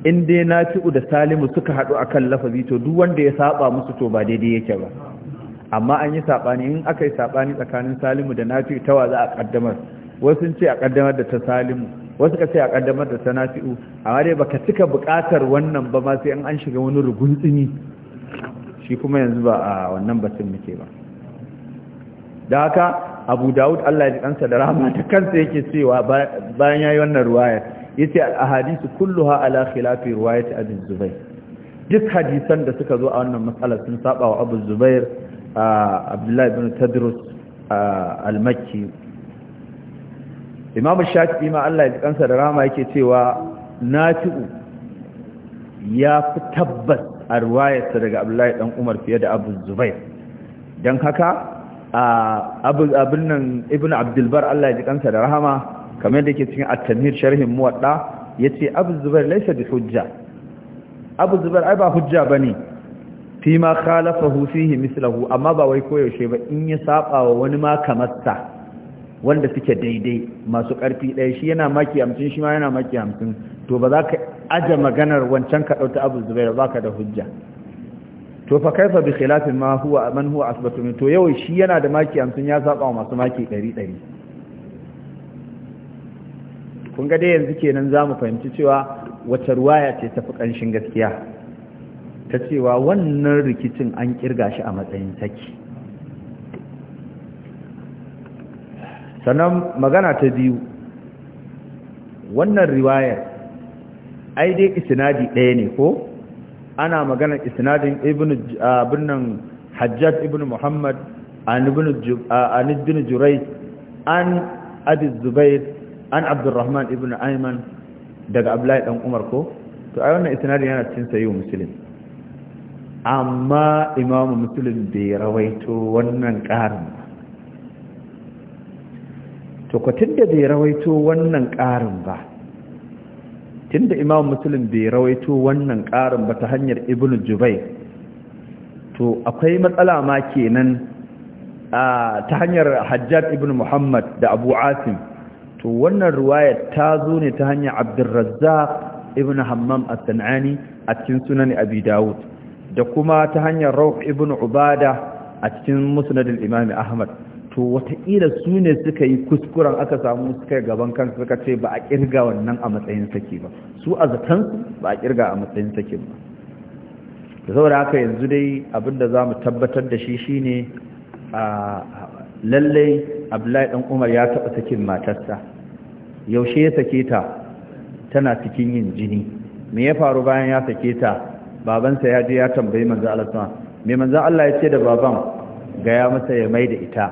in dai nafi'u da salimu suka haɗu akan lafazi to duk wanda ya saba musu to ba daidai yake ba amma an yi saɓani in aka yi saɓani tsakanin salimu da nafi ta wa za a ƙaddamar wasu ce a ƙaddamar da ta salimu wasu ka ce a ƙaddamar da ta nafi'u amma dai baka cika buƙatar wannan ba ma sai an shiga wani rugun tsini shi kuma yanzu ba a wannan batun muke ba da haka abu dawud allah ya ji kansa da rahama ta kansa yake cewa bayan ya yi wannan ruwayar ce al kullu ha ala khilafi ruwayat abin zubair duk hadisan da suka zo a wannan matsalar sun saba wa abu zubair عبد الله بن al المكي imam shafi'i ma Allah ya kansa da yake cewa nafi'u ya fi tabbas a ruwayarsa daga abdullahi dan umar fiye da abu zubair dan haka abin nan ibn abdulbar Allah ya ji kansa da rahama kamar yadda yake cikin at-tamhir sharhin muwatta yace abu zubair laysa bi hujja abu zubair ai ba hujja bane fi ma hu fihi mislahu amma ba wai koyaushe ba in ya saba wa wani ma kamarsa wanda suke daidai masu karfi ɗaya shi yana maki hamsin shi ma yana maki hamsin to ba za ka aje maganar wancan ka ɗauta abu zubair ba ka da hujja to fa kaifa bi khilafin ma huwa man huwa asbatu to yau shi yana da maki hamsin ya saba wa masu maki ɗari ɗari kun ga dai yanzu kenan za mu fahimci cewa wace ruwaya ce tafi ƙanshin gaskiya ta cewa wannan rikicin an kirga shi a matsayin saki sannan magana ta biyu wannan riwayar ai dai isnadi ɗaya ne ko ana magana isnadin ibn ah, birnin hajjat ibnu muhammad an ibnu ah, jurai an abi zubair an abdurrahman ibnu ayman daga abdullahi dan umar ko to ai wannan isnadin yana cikin sayyid muslim amma imamu musulun bai rawaito wannan ƙarin to kwatin da bai rawaito wannan ƙarin ba tun da imamu musulun bai rawaito wannan ƙarin ba ta hanyar ibn jubai to akwai matsala ma kenan ta hanyar hajjat ibn muhammad da abu asim to wannan ruwayar ta zo ne ta hanyar abdulrazzaq ibn hammam as-sanani a cikin sunan abi dawud da kuma ta hanyar rauf ibn Ubada a cikin musnadul Imami imam Ahmad to wataƙila su ne suka yi kuskuren aka samu suka yi gaban kansu suka ce ba a kirga wannan a matsayin saki ba su a zatansu ba a kirga a matsayin saki ba da saboda haka yanzu dai abinda za mu tabbatar da shi shine a lallai abdullahi Dan umar ya taɓa sakin matarsa yaushe ya sake ta tana cikin yin jini me ya faru bayan ya sake ta babansa ya je ya tambayi manzo Allah ta. me manzo Allah ya ce da baban ga ya masa ya mai da ita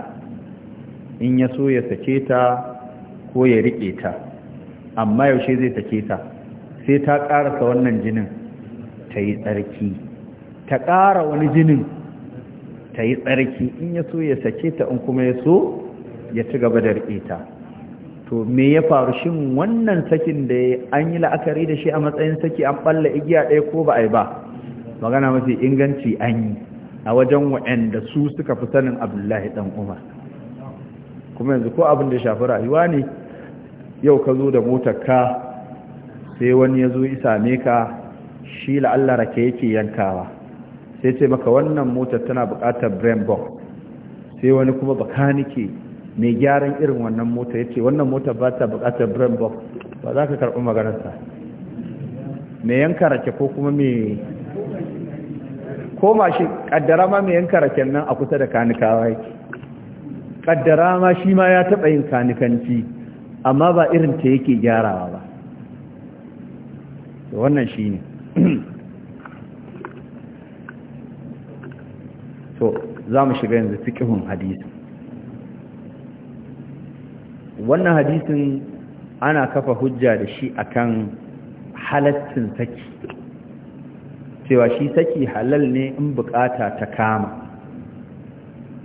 in ya so ya sake ta ko ya rike ta amma yaushe zai sake ta sai ta karasa wannan jinin ta yi tsarki ta kara wani jinin ta yi tsarki in ya so ya sake ta in kuma ya so ya ci gaba da rike ta to me ya faru shin wannan sakin da an yi la'akari da shi a matsayin saki an balla igiya ɗaya ko ba a yi ba magana mafi inganci an yi a wajen wa'anda su suka fi sanin abdullahi ɗan umar kuma yanzu ko abin da shafi rayuwa ne yau ka zo da motarka sai wani ya zo same ka shi la'alla rake yake yankawa sai ce maka wannan motar tana buƙatar brain box sai wani kuma bakanike mai gyaran irin wannan mota ya ce wannan mota ba ta bukatar brain box ba za ka karɓi maganarsa mai yanka rake ko kuma mai koma shi kaddara ma mai yanka rake nan a kusa da kanikawa yake kaddara ma shi ma ya taɓa yin kanikanci amma ba irin ta yake gyarawa ba wannan shi ne to za mu shiga yanzu fiƙihun hadisi wannan hadisin ana kafa hujja da shi akan halaccin saki cewa shi saki halal ne in bukata ta kama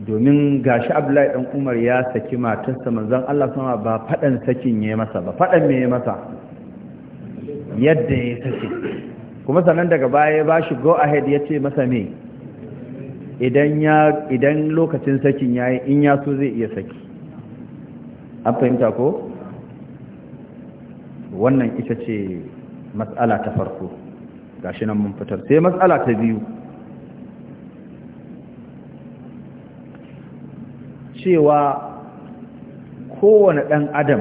domin ga shi abdullahi ɗan umar ya saki matarsa manzan Allah sama ba faɗan sakin yi masa ba faɗan me ya masa yadda ya saki kuma sannan daga baya ya bashi go ahead ce masa me idan lokacin sakin ya yi in ya so zai iya saki an fahimta ko wannan ita ce matsala ta farko gashi nan mun fitar sai matsala ta biyu cewa kowane ɗan adam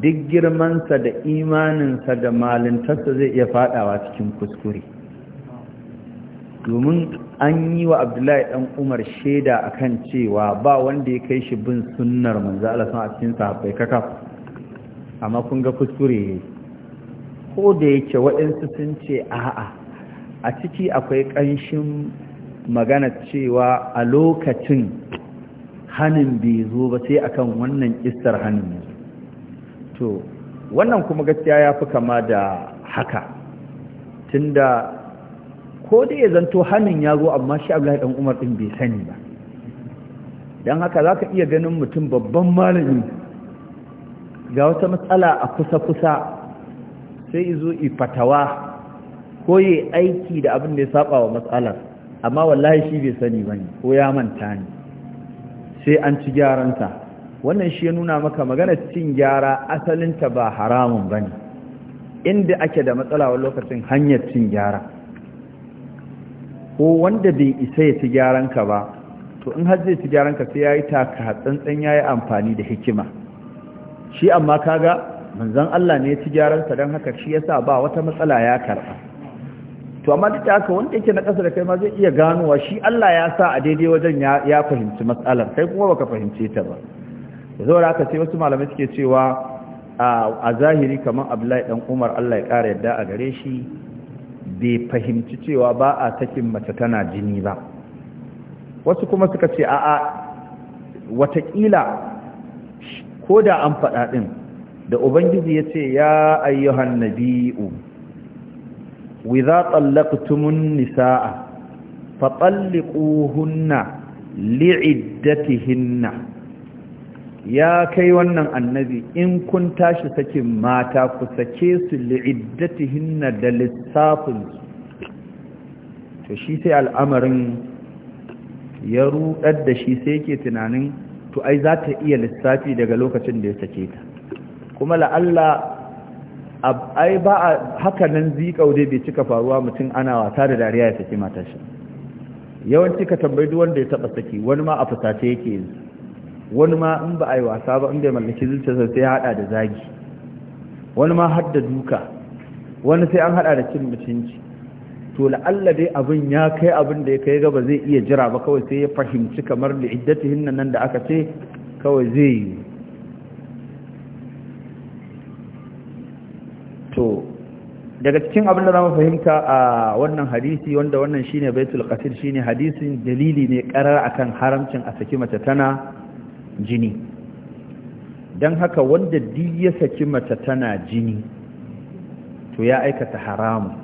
duk girmansa da imaninsa da malintarsa zai iya faɗawa cikin kuskure domin an yi wa abdullahi Ɗan umar shaida akan cewa ba wanda ya kai shi bin sunnar manzo Allah sun a cikin sahabbai kaka amma kun ga kuskure ko da yake waɗansu sun ce a'a a ciki akwai ƙanshin magana cewa a lokacin hannun bai zo ba sai akan wannan istar hannun ne. to wannan kuma gaskiya ya fi kama da haka tunda ko da ya zanto hannun ya zo amma shi abu dan umar ɗin bai sani ba don haka za ka iya ganin mutum babban malami ga wata matsala a kusa-kusa sai izo ifatawa ko yi aiki da abin da ya saba wa matsalar amma wallahi shi bai sani ba ne ko ya manta ne sai an ci gyaranta. wannan shi ya nuna maka magana cin gyara asalinta ba haramun ba ne inda ake da matsala wa lokacin hanyar cin gyara ko wanda bai isa ya ci gyaran ka ba to in har zai ci gyaran ka sai yayi taka tsantsan yayi amfani da hikima shi amma kaga manzon Allah ne ya ci gyaran sa dan haka shi yasa ba wata matsala ya karba to amma duk da haka wanda yake na kasa da kai ma zai iya ganowa shi Allah ya sa a daidai wajen ya fahimci matsalar kai kuma baka fahimce ta ba saboda aka ce wasu malamai suke cewa a zahiri kamar Abdullahi dan Umar Allah ya kara yadda a gare shi bai fahimci cewa ba a sakin mace tana jini ba wasu kuma suka ce a'a watakila ko da an faɗa ɗin da ubangiji ya ce ya ayyuhan nabi'u wiza tsallaktumun nisa'a fatalliquhunna li'iddatihinna ya kai wannan annabi in kun tashi sakin mata ku sake su li'iddatihinna da lissafinsu to shi sai al'amarin ya rudar da shi sai yake tunanin to ai za ta iya lissafi daga lokacin da ya sake ta kuma la'alla ai ba a haka nan zikaude bai cika faruwa mutum ana wata da dariya ya sake shi? yawanci ka tambayi duk wanda ya taba saki wani ma a fusace yake yanzu wani ma in ba a yi wasa ba in bai mallaki zuciyarsa sai ya hada da zagi wani ma hadda duka wani sai an hada da cin mutunci to la'alla dai abin ya kai abin da ya kai gaba zai iya jira ba kawai sai ya fahimci kamar da iddatihin nan da aka ce kawai zai yi to daga cikin abin da za mu fahimta a wannan hadisi wanda wannan shine baitul qasid shine hadisin dalili ne karar akan haramcin a saki mace tana jini don haka wanda duk ya saki mace tana jini to ya aikata haramu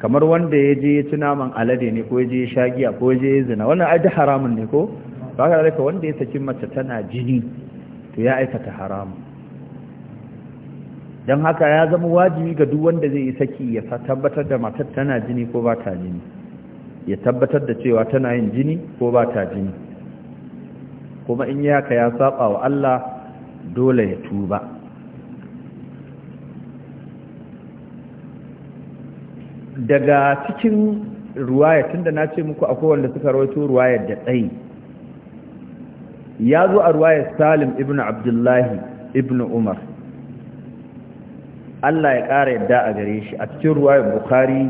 kamar wanda ya je ya ci naman alade ne ko ya je ya shagiya ko ya je ya zina wannan aji haramun ne ko ba ka rarraka wanda ya saki mace tana jini to ya aikata haramu don haka ya zama wajibi ga duk wanda zai yi saki ya tabbatar da matar tana jini ko ba ta jini ya tabbatar da cewa tana yin jini ko ba ta jini kuma in yaka ya saba wa Allah dole ya tuba daga cikin ruwaya tunda na ce muku akwai wanda suka rawaito ruwayar da tsayi ya zo a ruwayar salim ibn abdullahi ibn umar Allah ya ƙara yadda a gare shi a cikin ruwayar Bukhari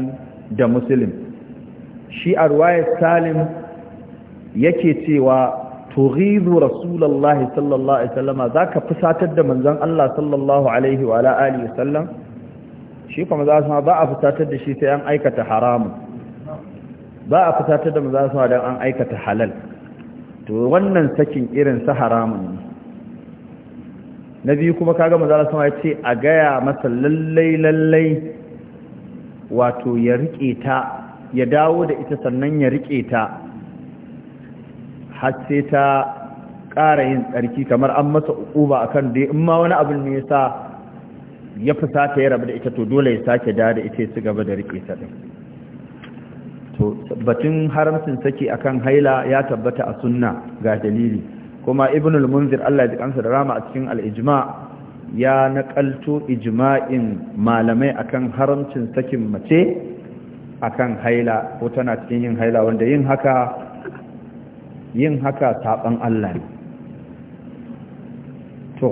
da Muslim shi a ruwayar Salim yake cewa To tughizu rasulullahi sallallahu alaihi wasallama zaka fusatar da manzon Allah sallallahu alaihi wa ala alihi wasallam shi kuma za su ba a fusatar da shi sai an aikata haramu ba a fusatar da manzon Allah dan an aikata halal to wannan sakin irin sa haramun ne biyu kuma kaga manzon Allah ya ce a gaya masa lallai lallai wato ya rike ta ya dawo da ita sannan ya rike ta har sai ta ƙara yin tsarki kamar an masa uba akan dai in ma wani abin ne ya sa ya fusata ya rabu da ita to dole ya sake da da ita su gaba da rike ta ɗin to batun haramcin saki akan haila ya tabbata a sunna ga dalili kuma ibnul munzir Allah ya kansa da rama a cikin al'ijima ya naƙalto ijma'in malamai akan haramcin sakin mace akan haila ko tana cikin yin haila wanda yin haka yin haka saɓan Allah ne to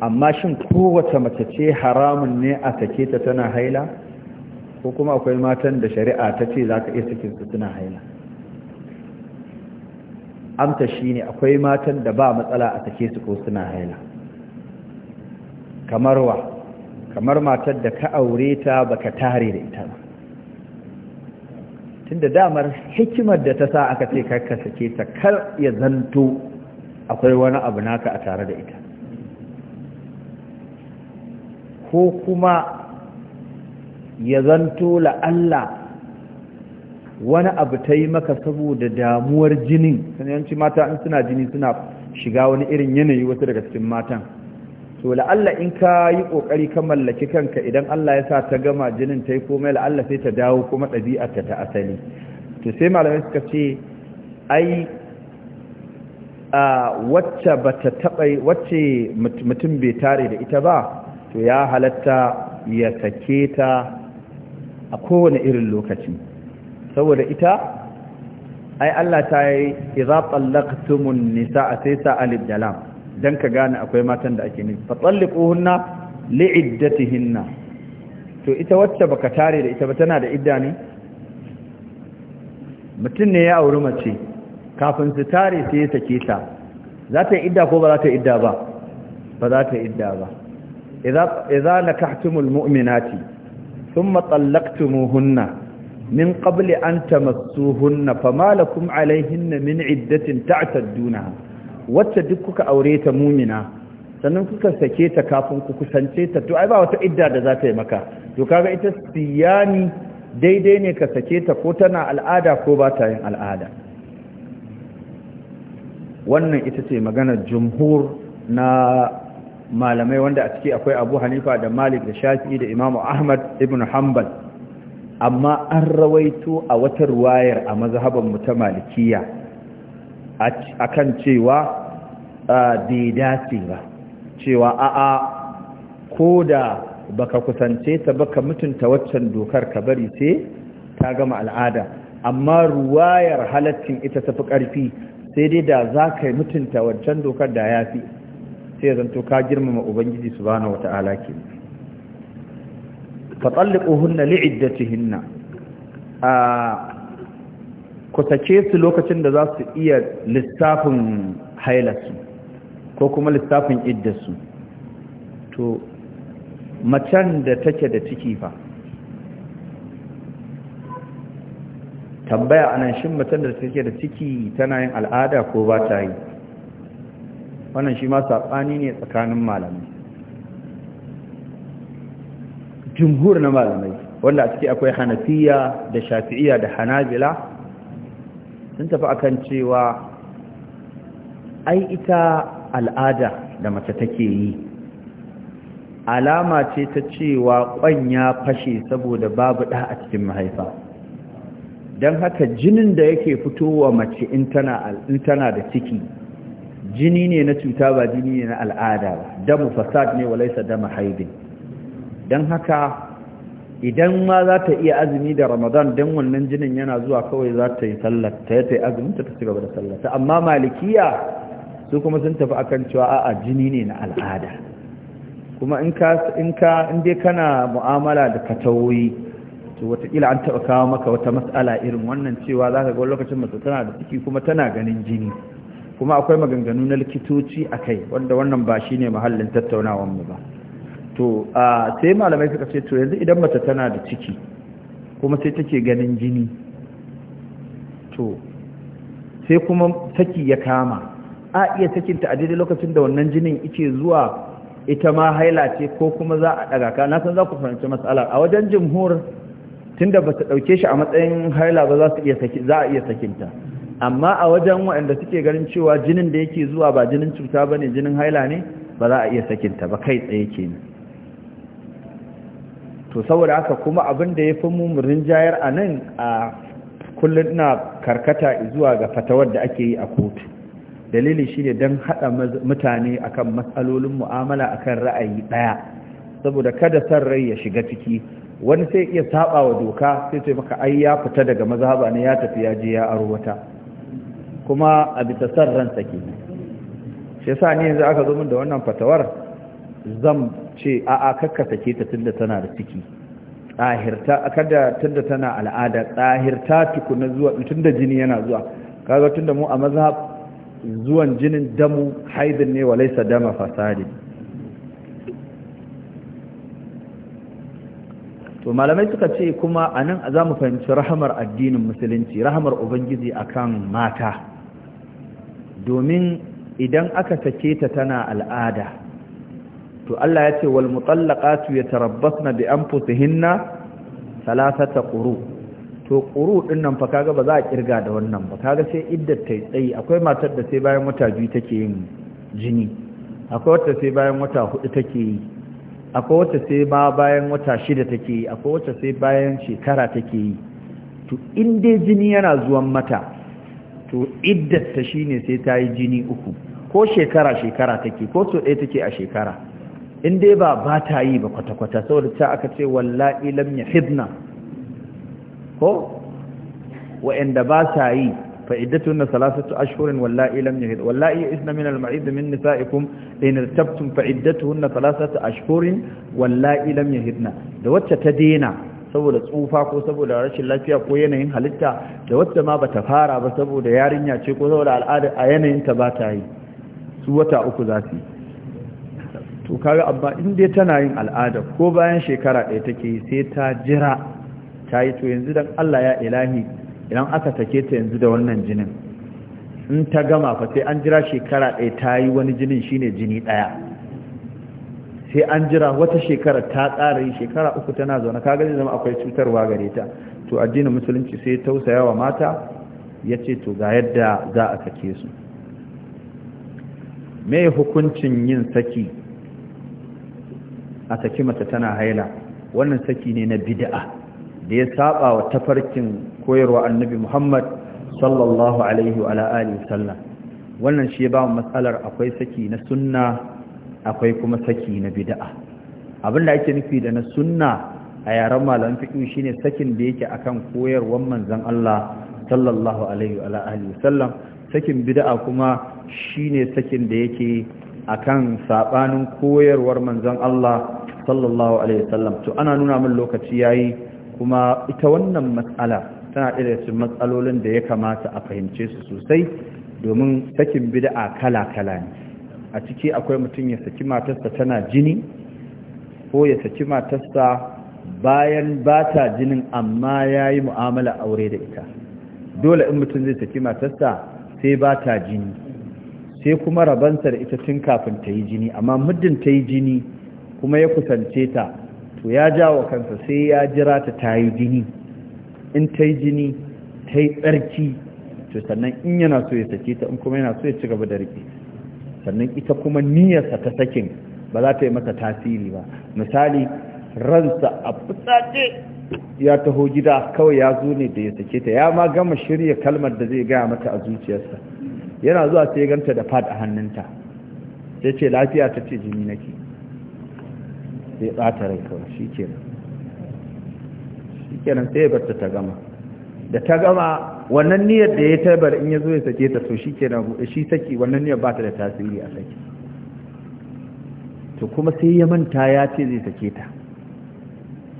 amma shin kowace mace ce haramun ne a sake ta tana haila ko kuma akwai matan da shari'a ta ce za ka iya cikin su tana haila amta shi ne akwai matan da ba matsala a sake su ko suna haila kamar wa kamar matar da ka aure ta baka tare da ita ba tunda damar hikimar da ta sa aka ce ka sake ta kar ya zanto akwai wani abu naka a tare da ita ko kuma ya zanto la'alla wani abu ta yi maka saboda damuwar jinin sanayanci mata in suna jini suna shiga wani irin yanayi wasu daga cikin matan to la'alla in ka yi ƙoƙari ka mallaki kanka idan Allah ya sa ta gama jinin ta yi komai la'alla sai ta dawo kuma ɗabi'arta ta asali to sai malamai suka ce ai a wacce ba ta taɓa wacce mutum bai tare da ita ba to ya halatta ya sake ta a kowane irin lokaci saboda ita ai Allah ta yi idza tallaqtumun nisaa sai sa alif dan ka gane akwai matan da ake nufi fatalliquhunna li'iddatihinna to ita wacce baka tare da ita ba tana da idda ne mutum ne ya auri mace kafin su tare sai ya sake ta za ta yi idda ko ba za ta idda ba ba za ta idda ba idza nakahtumul mu'minati thumma tallaqtumuhunna min qabli an tamassuhunna fama lakum alayhinna min iddatin ta'taddunaha wacce duk kuka aure ta mumina sannan kuka sake ta kafin ku kusance ta to ai ba wata idda da za ta yi maka to kaga ita siyani daidai ne ka sake ta ko tana al'ada ko ba ta yin al'ada wannan ita ce maganar jumhur na malamai wanda a ciki akwai abu hanifa da malik da shafi'i da Imam ahmad ibn hanbal amma an rawaito a wata ruwayar a mazhaban mu ta malikiya a kan cewa bai dace ba cewa a'a ko da baka kusance ta ba ka mutunta waccan dokar ka bari sai ta gama al'ada amma ruwayar halaccin ita tafi ƙarfi sai dai da za ka mutunta waccan dokar da ya fi sai zanto ka girmama ubangiji su wata alaƙi ke fa tsalliquhunna li'iddatihinna a Ku kusace su lokacin da za su iya lissafin hailarsu ko kuma lissafin iddarsu to macen da take da ciki fa tambaya anan shin macen da take da ciki tana yin al'ada ko ba ta yi wannan shi ma saɓani ne tsakanin malamai jumhur na malamai wanda a ciki akwai hanafiya da shafi'iya da hanabila sun tafi akan cewa ai ita al'ada da mace take yi alama ce ta cewa ƙwan ya fashe saboda babu ɗa a cikin mahaifa don haka jinin da yake fitowa mace in tana da ciki jini ne na cuta ba jini ne na al'ada ba damu fasad ne walaisa damu haibin don haka idan ma za ta iya azumi da ramadan don wannan jinin yana zuwa kawai za ta yi sallar ya ta yi azumi ta cigaba da sallata amma malikiya su kuma sun tafi akan cewa a jini ne na al'ada kuma in ka in dai kana mu'amala da katawoyi to watakila an taɓa kawo maka wata matsala irin wannan cewa za ka ga lokacin masu tana da ciki kuma tana ganin jini kuma akwai maganganu na likitoci a kai wanda wannan ba shi ne mahallin tattaunawanmu ba to a sai malamai suka ce to yanzu idan mace tana da ciki kuma sai take ganin jini to sai kuma saki ya kama a iya sakinta a daidai lokacin da wannan jinin ike zuwa ita ma haila ce ko kuma za a daga ka na san za ku fahimci matsala a wajen jimhur tunda ba su ɗauke shi a matsayin haila ba za a iya sakinta amma a wajen waɗanda suke ganin cewa jinin da yake zuwa ba jinin cuta ba ne jinin haila ne ba za a iya sakinta ba kai tsaye kenan to saboda haka kuma abin da ya fi mummurin jayar a nan a kullum na karkata zuwa ga fatawar da ake yi a kotu dalili shi ne don haɗa mutane akan matsalolin mu'amala a kan ra'ayi ɗaya saboda kada san rai ya shiga ciki wani sai iya saba wa doka sai ce maka ai ya fita daga mazhaba ne ya tafi ya je ya aro wata kuma a bisa son ransa ke shi yasa ni yanzu aka zo min da wannan fatawar zan ce a'a kakka take ta tunda tana da ciki tsahirta kada tunda tana al'ada tsahirta tukuna zuwa tunda jini yana zuwa kaga tunda mu a mazhab zuwan jinin damu haidin ne walaysa dama fasadi to malamai suka ce kuma anan za mu fahimci rahamar addinin musulunci rahamar ubangiji akan mata domin idan aka take ta tana al'ada to Allah ya ce wal mutallaqatu yatarabbasna bi anfusihinna thalathata quru to quru din nan fa kaga ba za a kirga da wannan ba kaga sai iddar tai tsayi akwai matar da sai bayan wata biyu take yin jini akwai wata sai bayan wata hudu take yi akwai wata sai ba bayan wata shida take yi akwai wata sai bayan shekara take yi to in dai jini yana zuwan mata to ta shine sai ta yi jini uku ko shekara shekara take ko to ɗaya take a shekara in dai ba ba ta yi ba kwata-kwata saboda ta aka ce wallahi lam hidna? ko wa'anda ba ta yi فعدتهن ثلاثة أشهر واللائي لم يهد واللائي يئسن من المعيد fa'idatu نسائكم salasatu ارتبتم فعدتهن ثلاثة أشهر hidna? Da wacce ta تدينا saboda tsufa ko saboda rashin lafiya ko yanayin halitta da wacce ma bata fara ba saboda yarinya ce ko saboda al'ada a yanayin ta ba ta yi su wata uku za su yi to kaga abba in dai tana yin al'ada ko bayan shekara ɗaya take sai ta jira ta yi to yanzu dan Allah ya ilahi idan aka take ta yanzu da wannan jinin in ta gama fa sai an jira shekara ɗaya ta yi wani jinin shine jini ɗaya sai an jira wata shekara ta tsara yi shekara uku tana zaune kaga zai zama akwai cutarwa gare ta to addinin musulunci sai tausaya wa mata ya ce to ga yadda za a sake su me hukuncin yin saki a saki mata tana haila wannan saki ne na bid'a da ya saba wa tafarkin koyarwa annabi Muhammad sallallahu alaihi wa alihi sallam wannan shi ba matsalar akwai saki na sunna akwai kuma saki na bid'a abinda ake nufi da na sunna a yaren malaman fiqh shine sakin da yake akan koyarwar manzon Allah sallallahu alaihi wa alihi sallam sakin bid'a kuma shine sakin da yake akan sabanin koyarwar manzon Allah sallallahu alaihi wasallam to ana nuna min lokaci yayi kuma ita wannan matsala tana ɗaya cikin matsalolin da ya kamata a fahimce su sosai domin sakin bid'a kala kala ne a ciki akwai mutum ya saki matarsa tana jini ko ya saki matarsa bayan ba ta jinin amma ya yi mu'amala aure da ita dole in mutum zai saki matarsa sai ba ta jini sai kuma rabansa da ita tun kafin ta yi jini amma muddin ta yi jini kuma ya kusance ta to ya ja wa kansa sai ya jira ta ta yi jini in ta yi jini ta yi tsarki to sannan in yana so ya sake ta in kuma yana so ya ci gaba da riƙe sannan ita kuma niyyarsa ta sakin ba za ta yi masa tasiri ba misali ransa a fusace ya taho gida kawai ya zo ne da ya sake ta ya ma gama shirya kalmar da zai gaya mata a zuciyarsa yana zuwa sai ya ganta da pad a hannunta sai ce lafiya ta ce jini nake sai bata rai kawai shi kenan shi kenan sai ya barta ta gama da ta gama wannan niyyar da ya tabar in ya zo ya sake ta so shi kenan shi saki wannan niyyar ba ta da tasiri a saki to kuma sai ya manta ya ce zai sake ta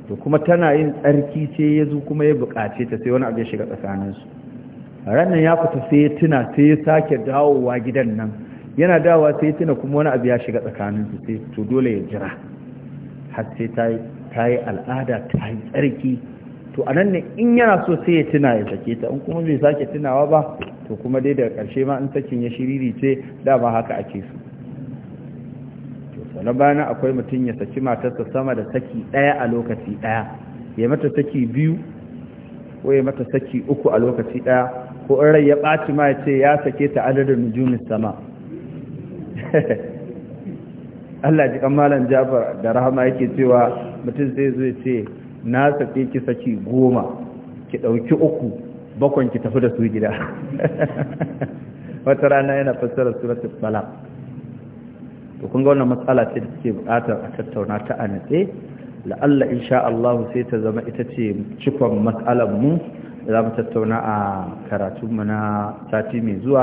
to kuma tana yin tsarki sai ya zo kuma ya buƙace ta sai wani abu ya shiga tsakaninsu ranar ya fita sai ya tuna sai ya sake dawowa gidan nan yana dawowa sai ya tuna kuma wani abu ya shiga tsakaninsu sai to dole ya jira har sai ta yi al'ada ta yi tsarki to a nan ne in yana so sai ya tuna ya sake ta in kuma bai sake tunawa ba to kuma dai daga ƙarshe ma in sakin ya shiriri ce dama haka ake su to sana bayan akwai mutum ya saki matarsa sama da saki ɗaya a lokaci ɗaya ya mata saki biyu ko ya mata saki uku a lokaci ɗaya ko rai ya ɓaci ma ya ce ya sake ta adadin nujumin sama Allah ji kammalan Jafar da rahama yake cewa mutum zai zo ce na sake ki saki goma ki ɗauki uku bakon ki tafi da su gida wata rana yana fassara suratul bala to kun ga wannan matsala ce da take buƙatar a tattauna ta a natse la'alla insha Allah sai ta zama ita ce cikon matsalar mu za mu tattauna a karatunmu na sati mai zuwa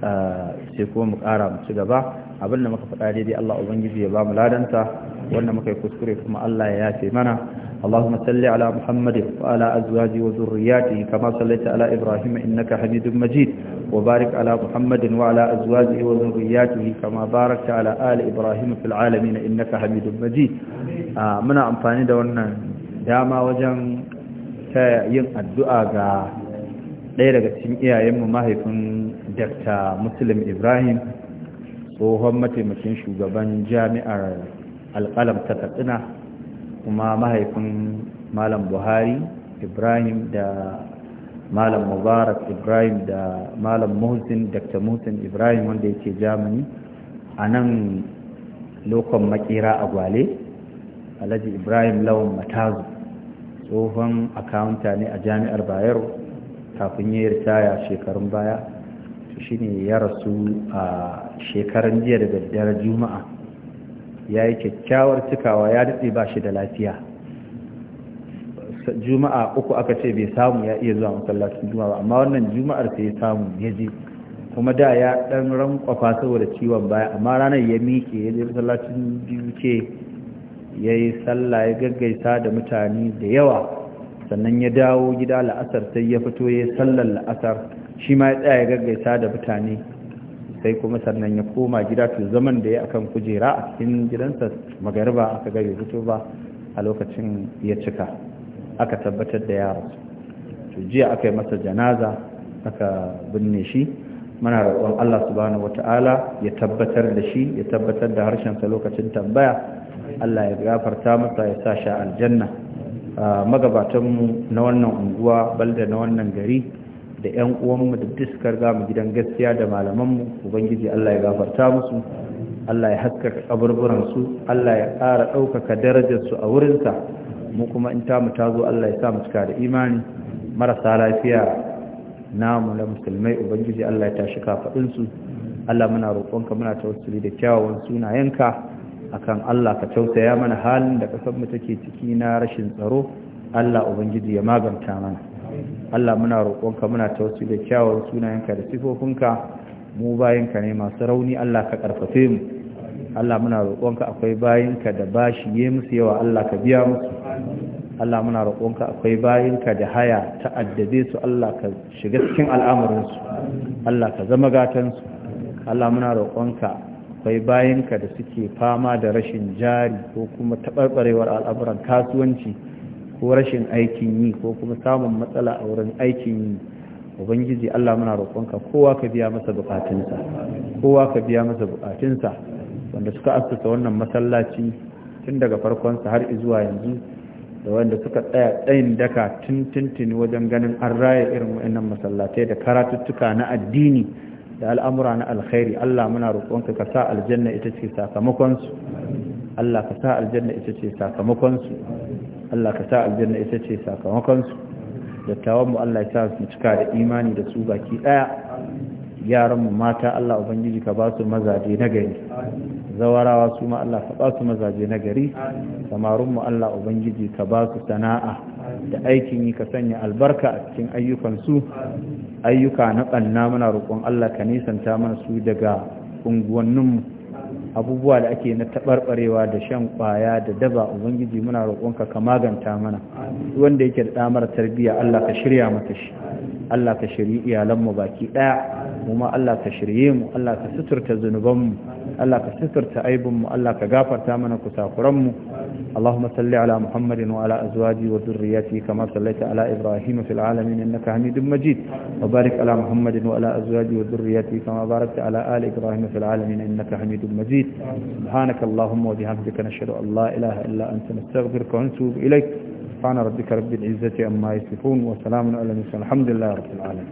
sai kuma mu ƙara mu ci gaba abin da muka faɗa daidai Allah ubangiji ya ba mu ladanta wanda muka yi kuskure kuma Allah ya yafe mana اللهم صل على محمد وعلى أزواجه وذرياته كما صليت على إبراهيم إنك حميد مجيد وبارك على محمد وعلى أزواجه وذرياته كما باركت على آل إبراهيم في العالمين إنك حميد مجيد آه منا أمفاني دورنا داما وجن ta yin addu'a ga ɗaya daga cikin iyayenmu mahaifin Dr. Muslim Ibrahim tsohon mataimakin shugaban jami'ar alƙalam ta katsina kuma mahaifin Malam Buhari Ibrahim da Malam Mubarak Ibrahim da Malam Muhsin Dr. Muhsin Ibrahim wanda yake Jamani, a nan lokon makera a gwale Alhaji Ibrahim Lawan Matazu tsohon akawunta ne a jami'ar bayero kafin ya ritaya shekarun baya to shine ya rasu a shekaran jiya da daddare juma'a ya yi kyakkyawar cikawa ya daɗe ba shi da lafiya juma'a uku aka ce bai samu ya iya zuwa masallacin juma'a amma wannan juma'ar sai ya samu ya je kuma da ya ɗan rankwafa saboda ciwon baya amma ranar ya miƙe ya je masallacin biyu ce ya yi sallah ya gaggaisa da mutane da yawa sannan ya dawo gida la'asar sai ya fito ya sallar la'asar shi ma ya tsaya ya gaggaisa da mutane sai kuma sannan ya koma gida to zaman da ya akan kujera a cikin gidansa magariba aka gari ya fito ba a lokacin ya cika aka tabbatar da yaro to jiya aka yi masa janaza aka binne shi mana roƙon Allah subhanahu wata'ala ya tabbatar da shi ya tabbatar da harshensa lokacin tambaya Allah ya gafarta masa ya sa shi aljanna mu na wannan unguwa balda na wannan gari da 'yan uwanmu da diskar gamu gidan gaskiya da malaman mu ubangiji Allah ya gafarta musu Allah ya haskaka su Allah ya ƙara ɗaukaka su a wurinsa mu kuma in ta ta zo Allah ya sa mu cika da imani marasa lafiya namu na musulmai ubangiji Allah ya tashi kafaɗinsu Allah muna roƙonka muna tawassuli da kyawawan sunayenka akan Allah ka tausaya mana halin da kasar mu take ciki na rashin tsaro Allah ubangiji ya maganta mana Allah muna roƙonka muna tausi da kyawun sunayenka da sifofinka mu bayinka ne masu rauni Allah ka karfafe mu Allah muna roƙonka akwai bayinka da bashi ye musu yawa Allah ka biya musu Allah muna roƙonka akwai bayinka da haya ta addabe su Allah ka shiga cikin al'amuransu Allah ka zama gatansu Allah muna roƙonka akwai bayanka da suke fama da rashin jari ko kuma taɓarɓarewar al'amuran kasuwanci ko rashin aikin yi ko kuma samun matsala a wurin aikin yi ubangiji allah muna roƙonka kowa ka biya masa buƙatunsa kowa ka biya masa bukatunsa wanda suka asusa wannan masallaci tun daga farkonsa har zuwa yanzu da wanda suka tsaya tsayin daka tun tuntuni wajen ganin an raya irin wa'annan masallatai da karatuttuka na addini da al'amura na alkhairi Allah muna roƙonka ka sa aljanna ita ce sakamakonsu Allah ka sa aljanna ita ce sakamakonsu Allah ka sa aljanna ita ce sakamakonsu dattawanmu Allah ya sa su cika da imani da su baki ɗaya yaranmu mata Allah ubangiji ka ba su mazaje na gari zawarawa su ma Allah ka ba su mazaje na gari samarunmu Allah ubangiji ka ba su sana'a da aikin yi ka sanya albarka a cikin ayyukansu ayyuka na ƙanna mana roƙon Allah ka nisanta mana su daga unguwanninmu abubuwa da ake na taɓarɓarewa da shan ƙwaya da daba ubangiji muna roƙonka ka maganta mana wanda yake da ɗamar tarbiyya Allah ka shirya mata shi Allah ka shirye iyalanmu baki ɗaya kuma Allah ka shirye mu Allah ka suturta zunubanmu Allah ka sitirta aibinmu Allah ka gafarta mana kusakuranmu Allahumma salli ala Muhammadin wa ala azwaji wa zurriyati kama sallaita ala Ibrahim fil alamin innaka Hamidum Majid wa barik ala Muhammadin wa ala azwaji wa zurriyati kama barakta ala ali Ibrahim fil alamin innaka Hamidum Majid subhanaka Allahumma wa bihamdika nashhadu an la ilaha illa anta nastaghfiruka wa natubu ilayk سبحان ربك رب العزة أما يصفون wa على ala الحمد لله رب العالمين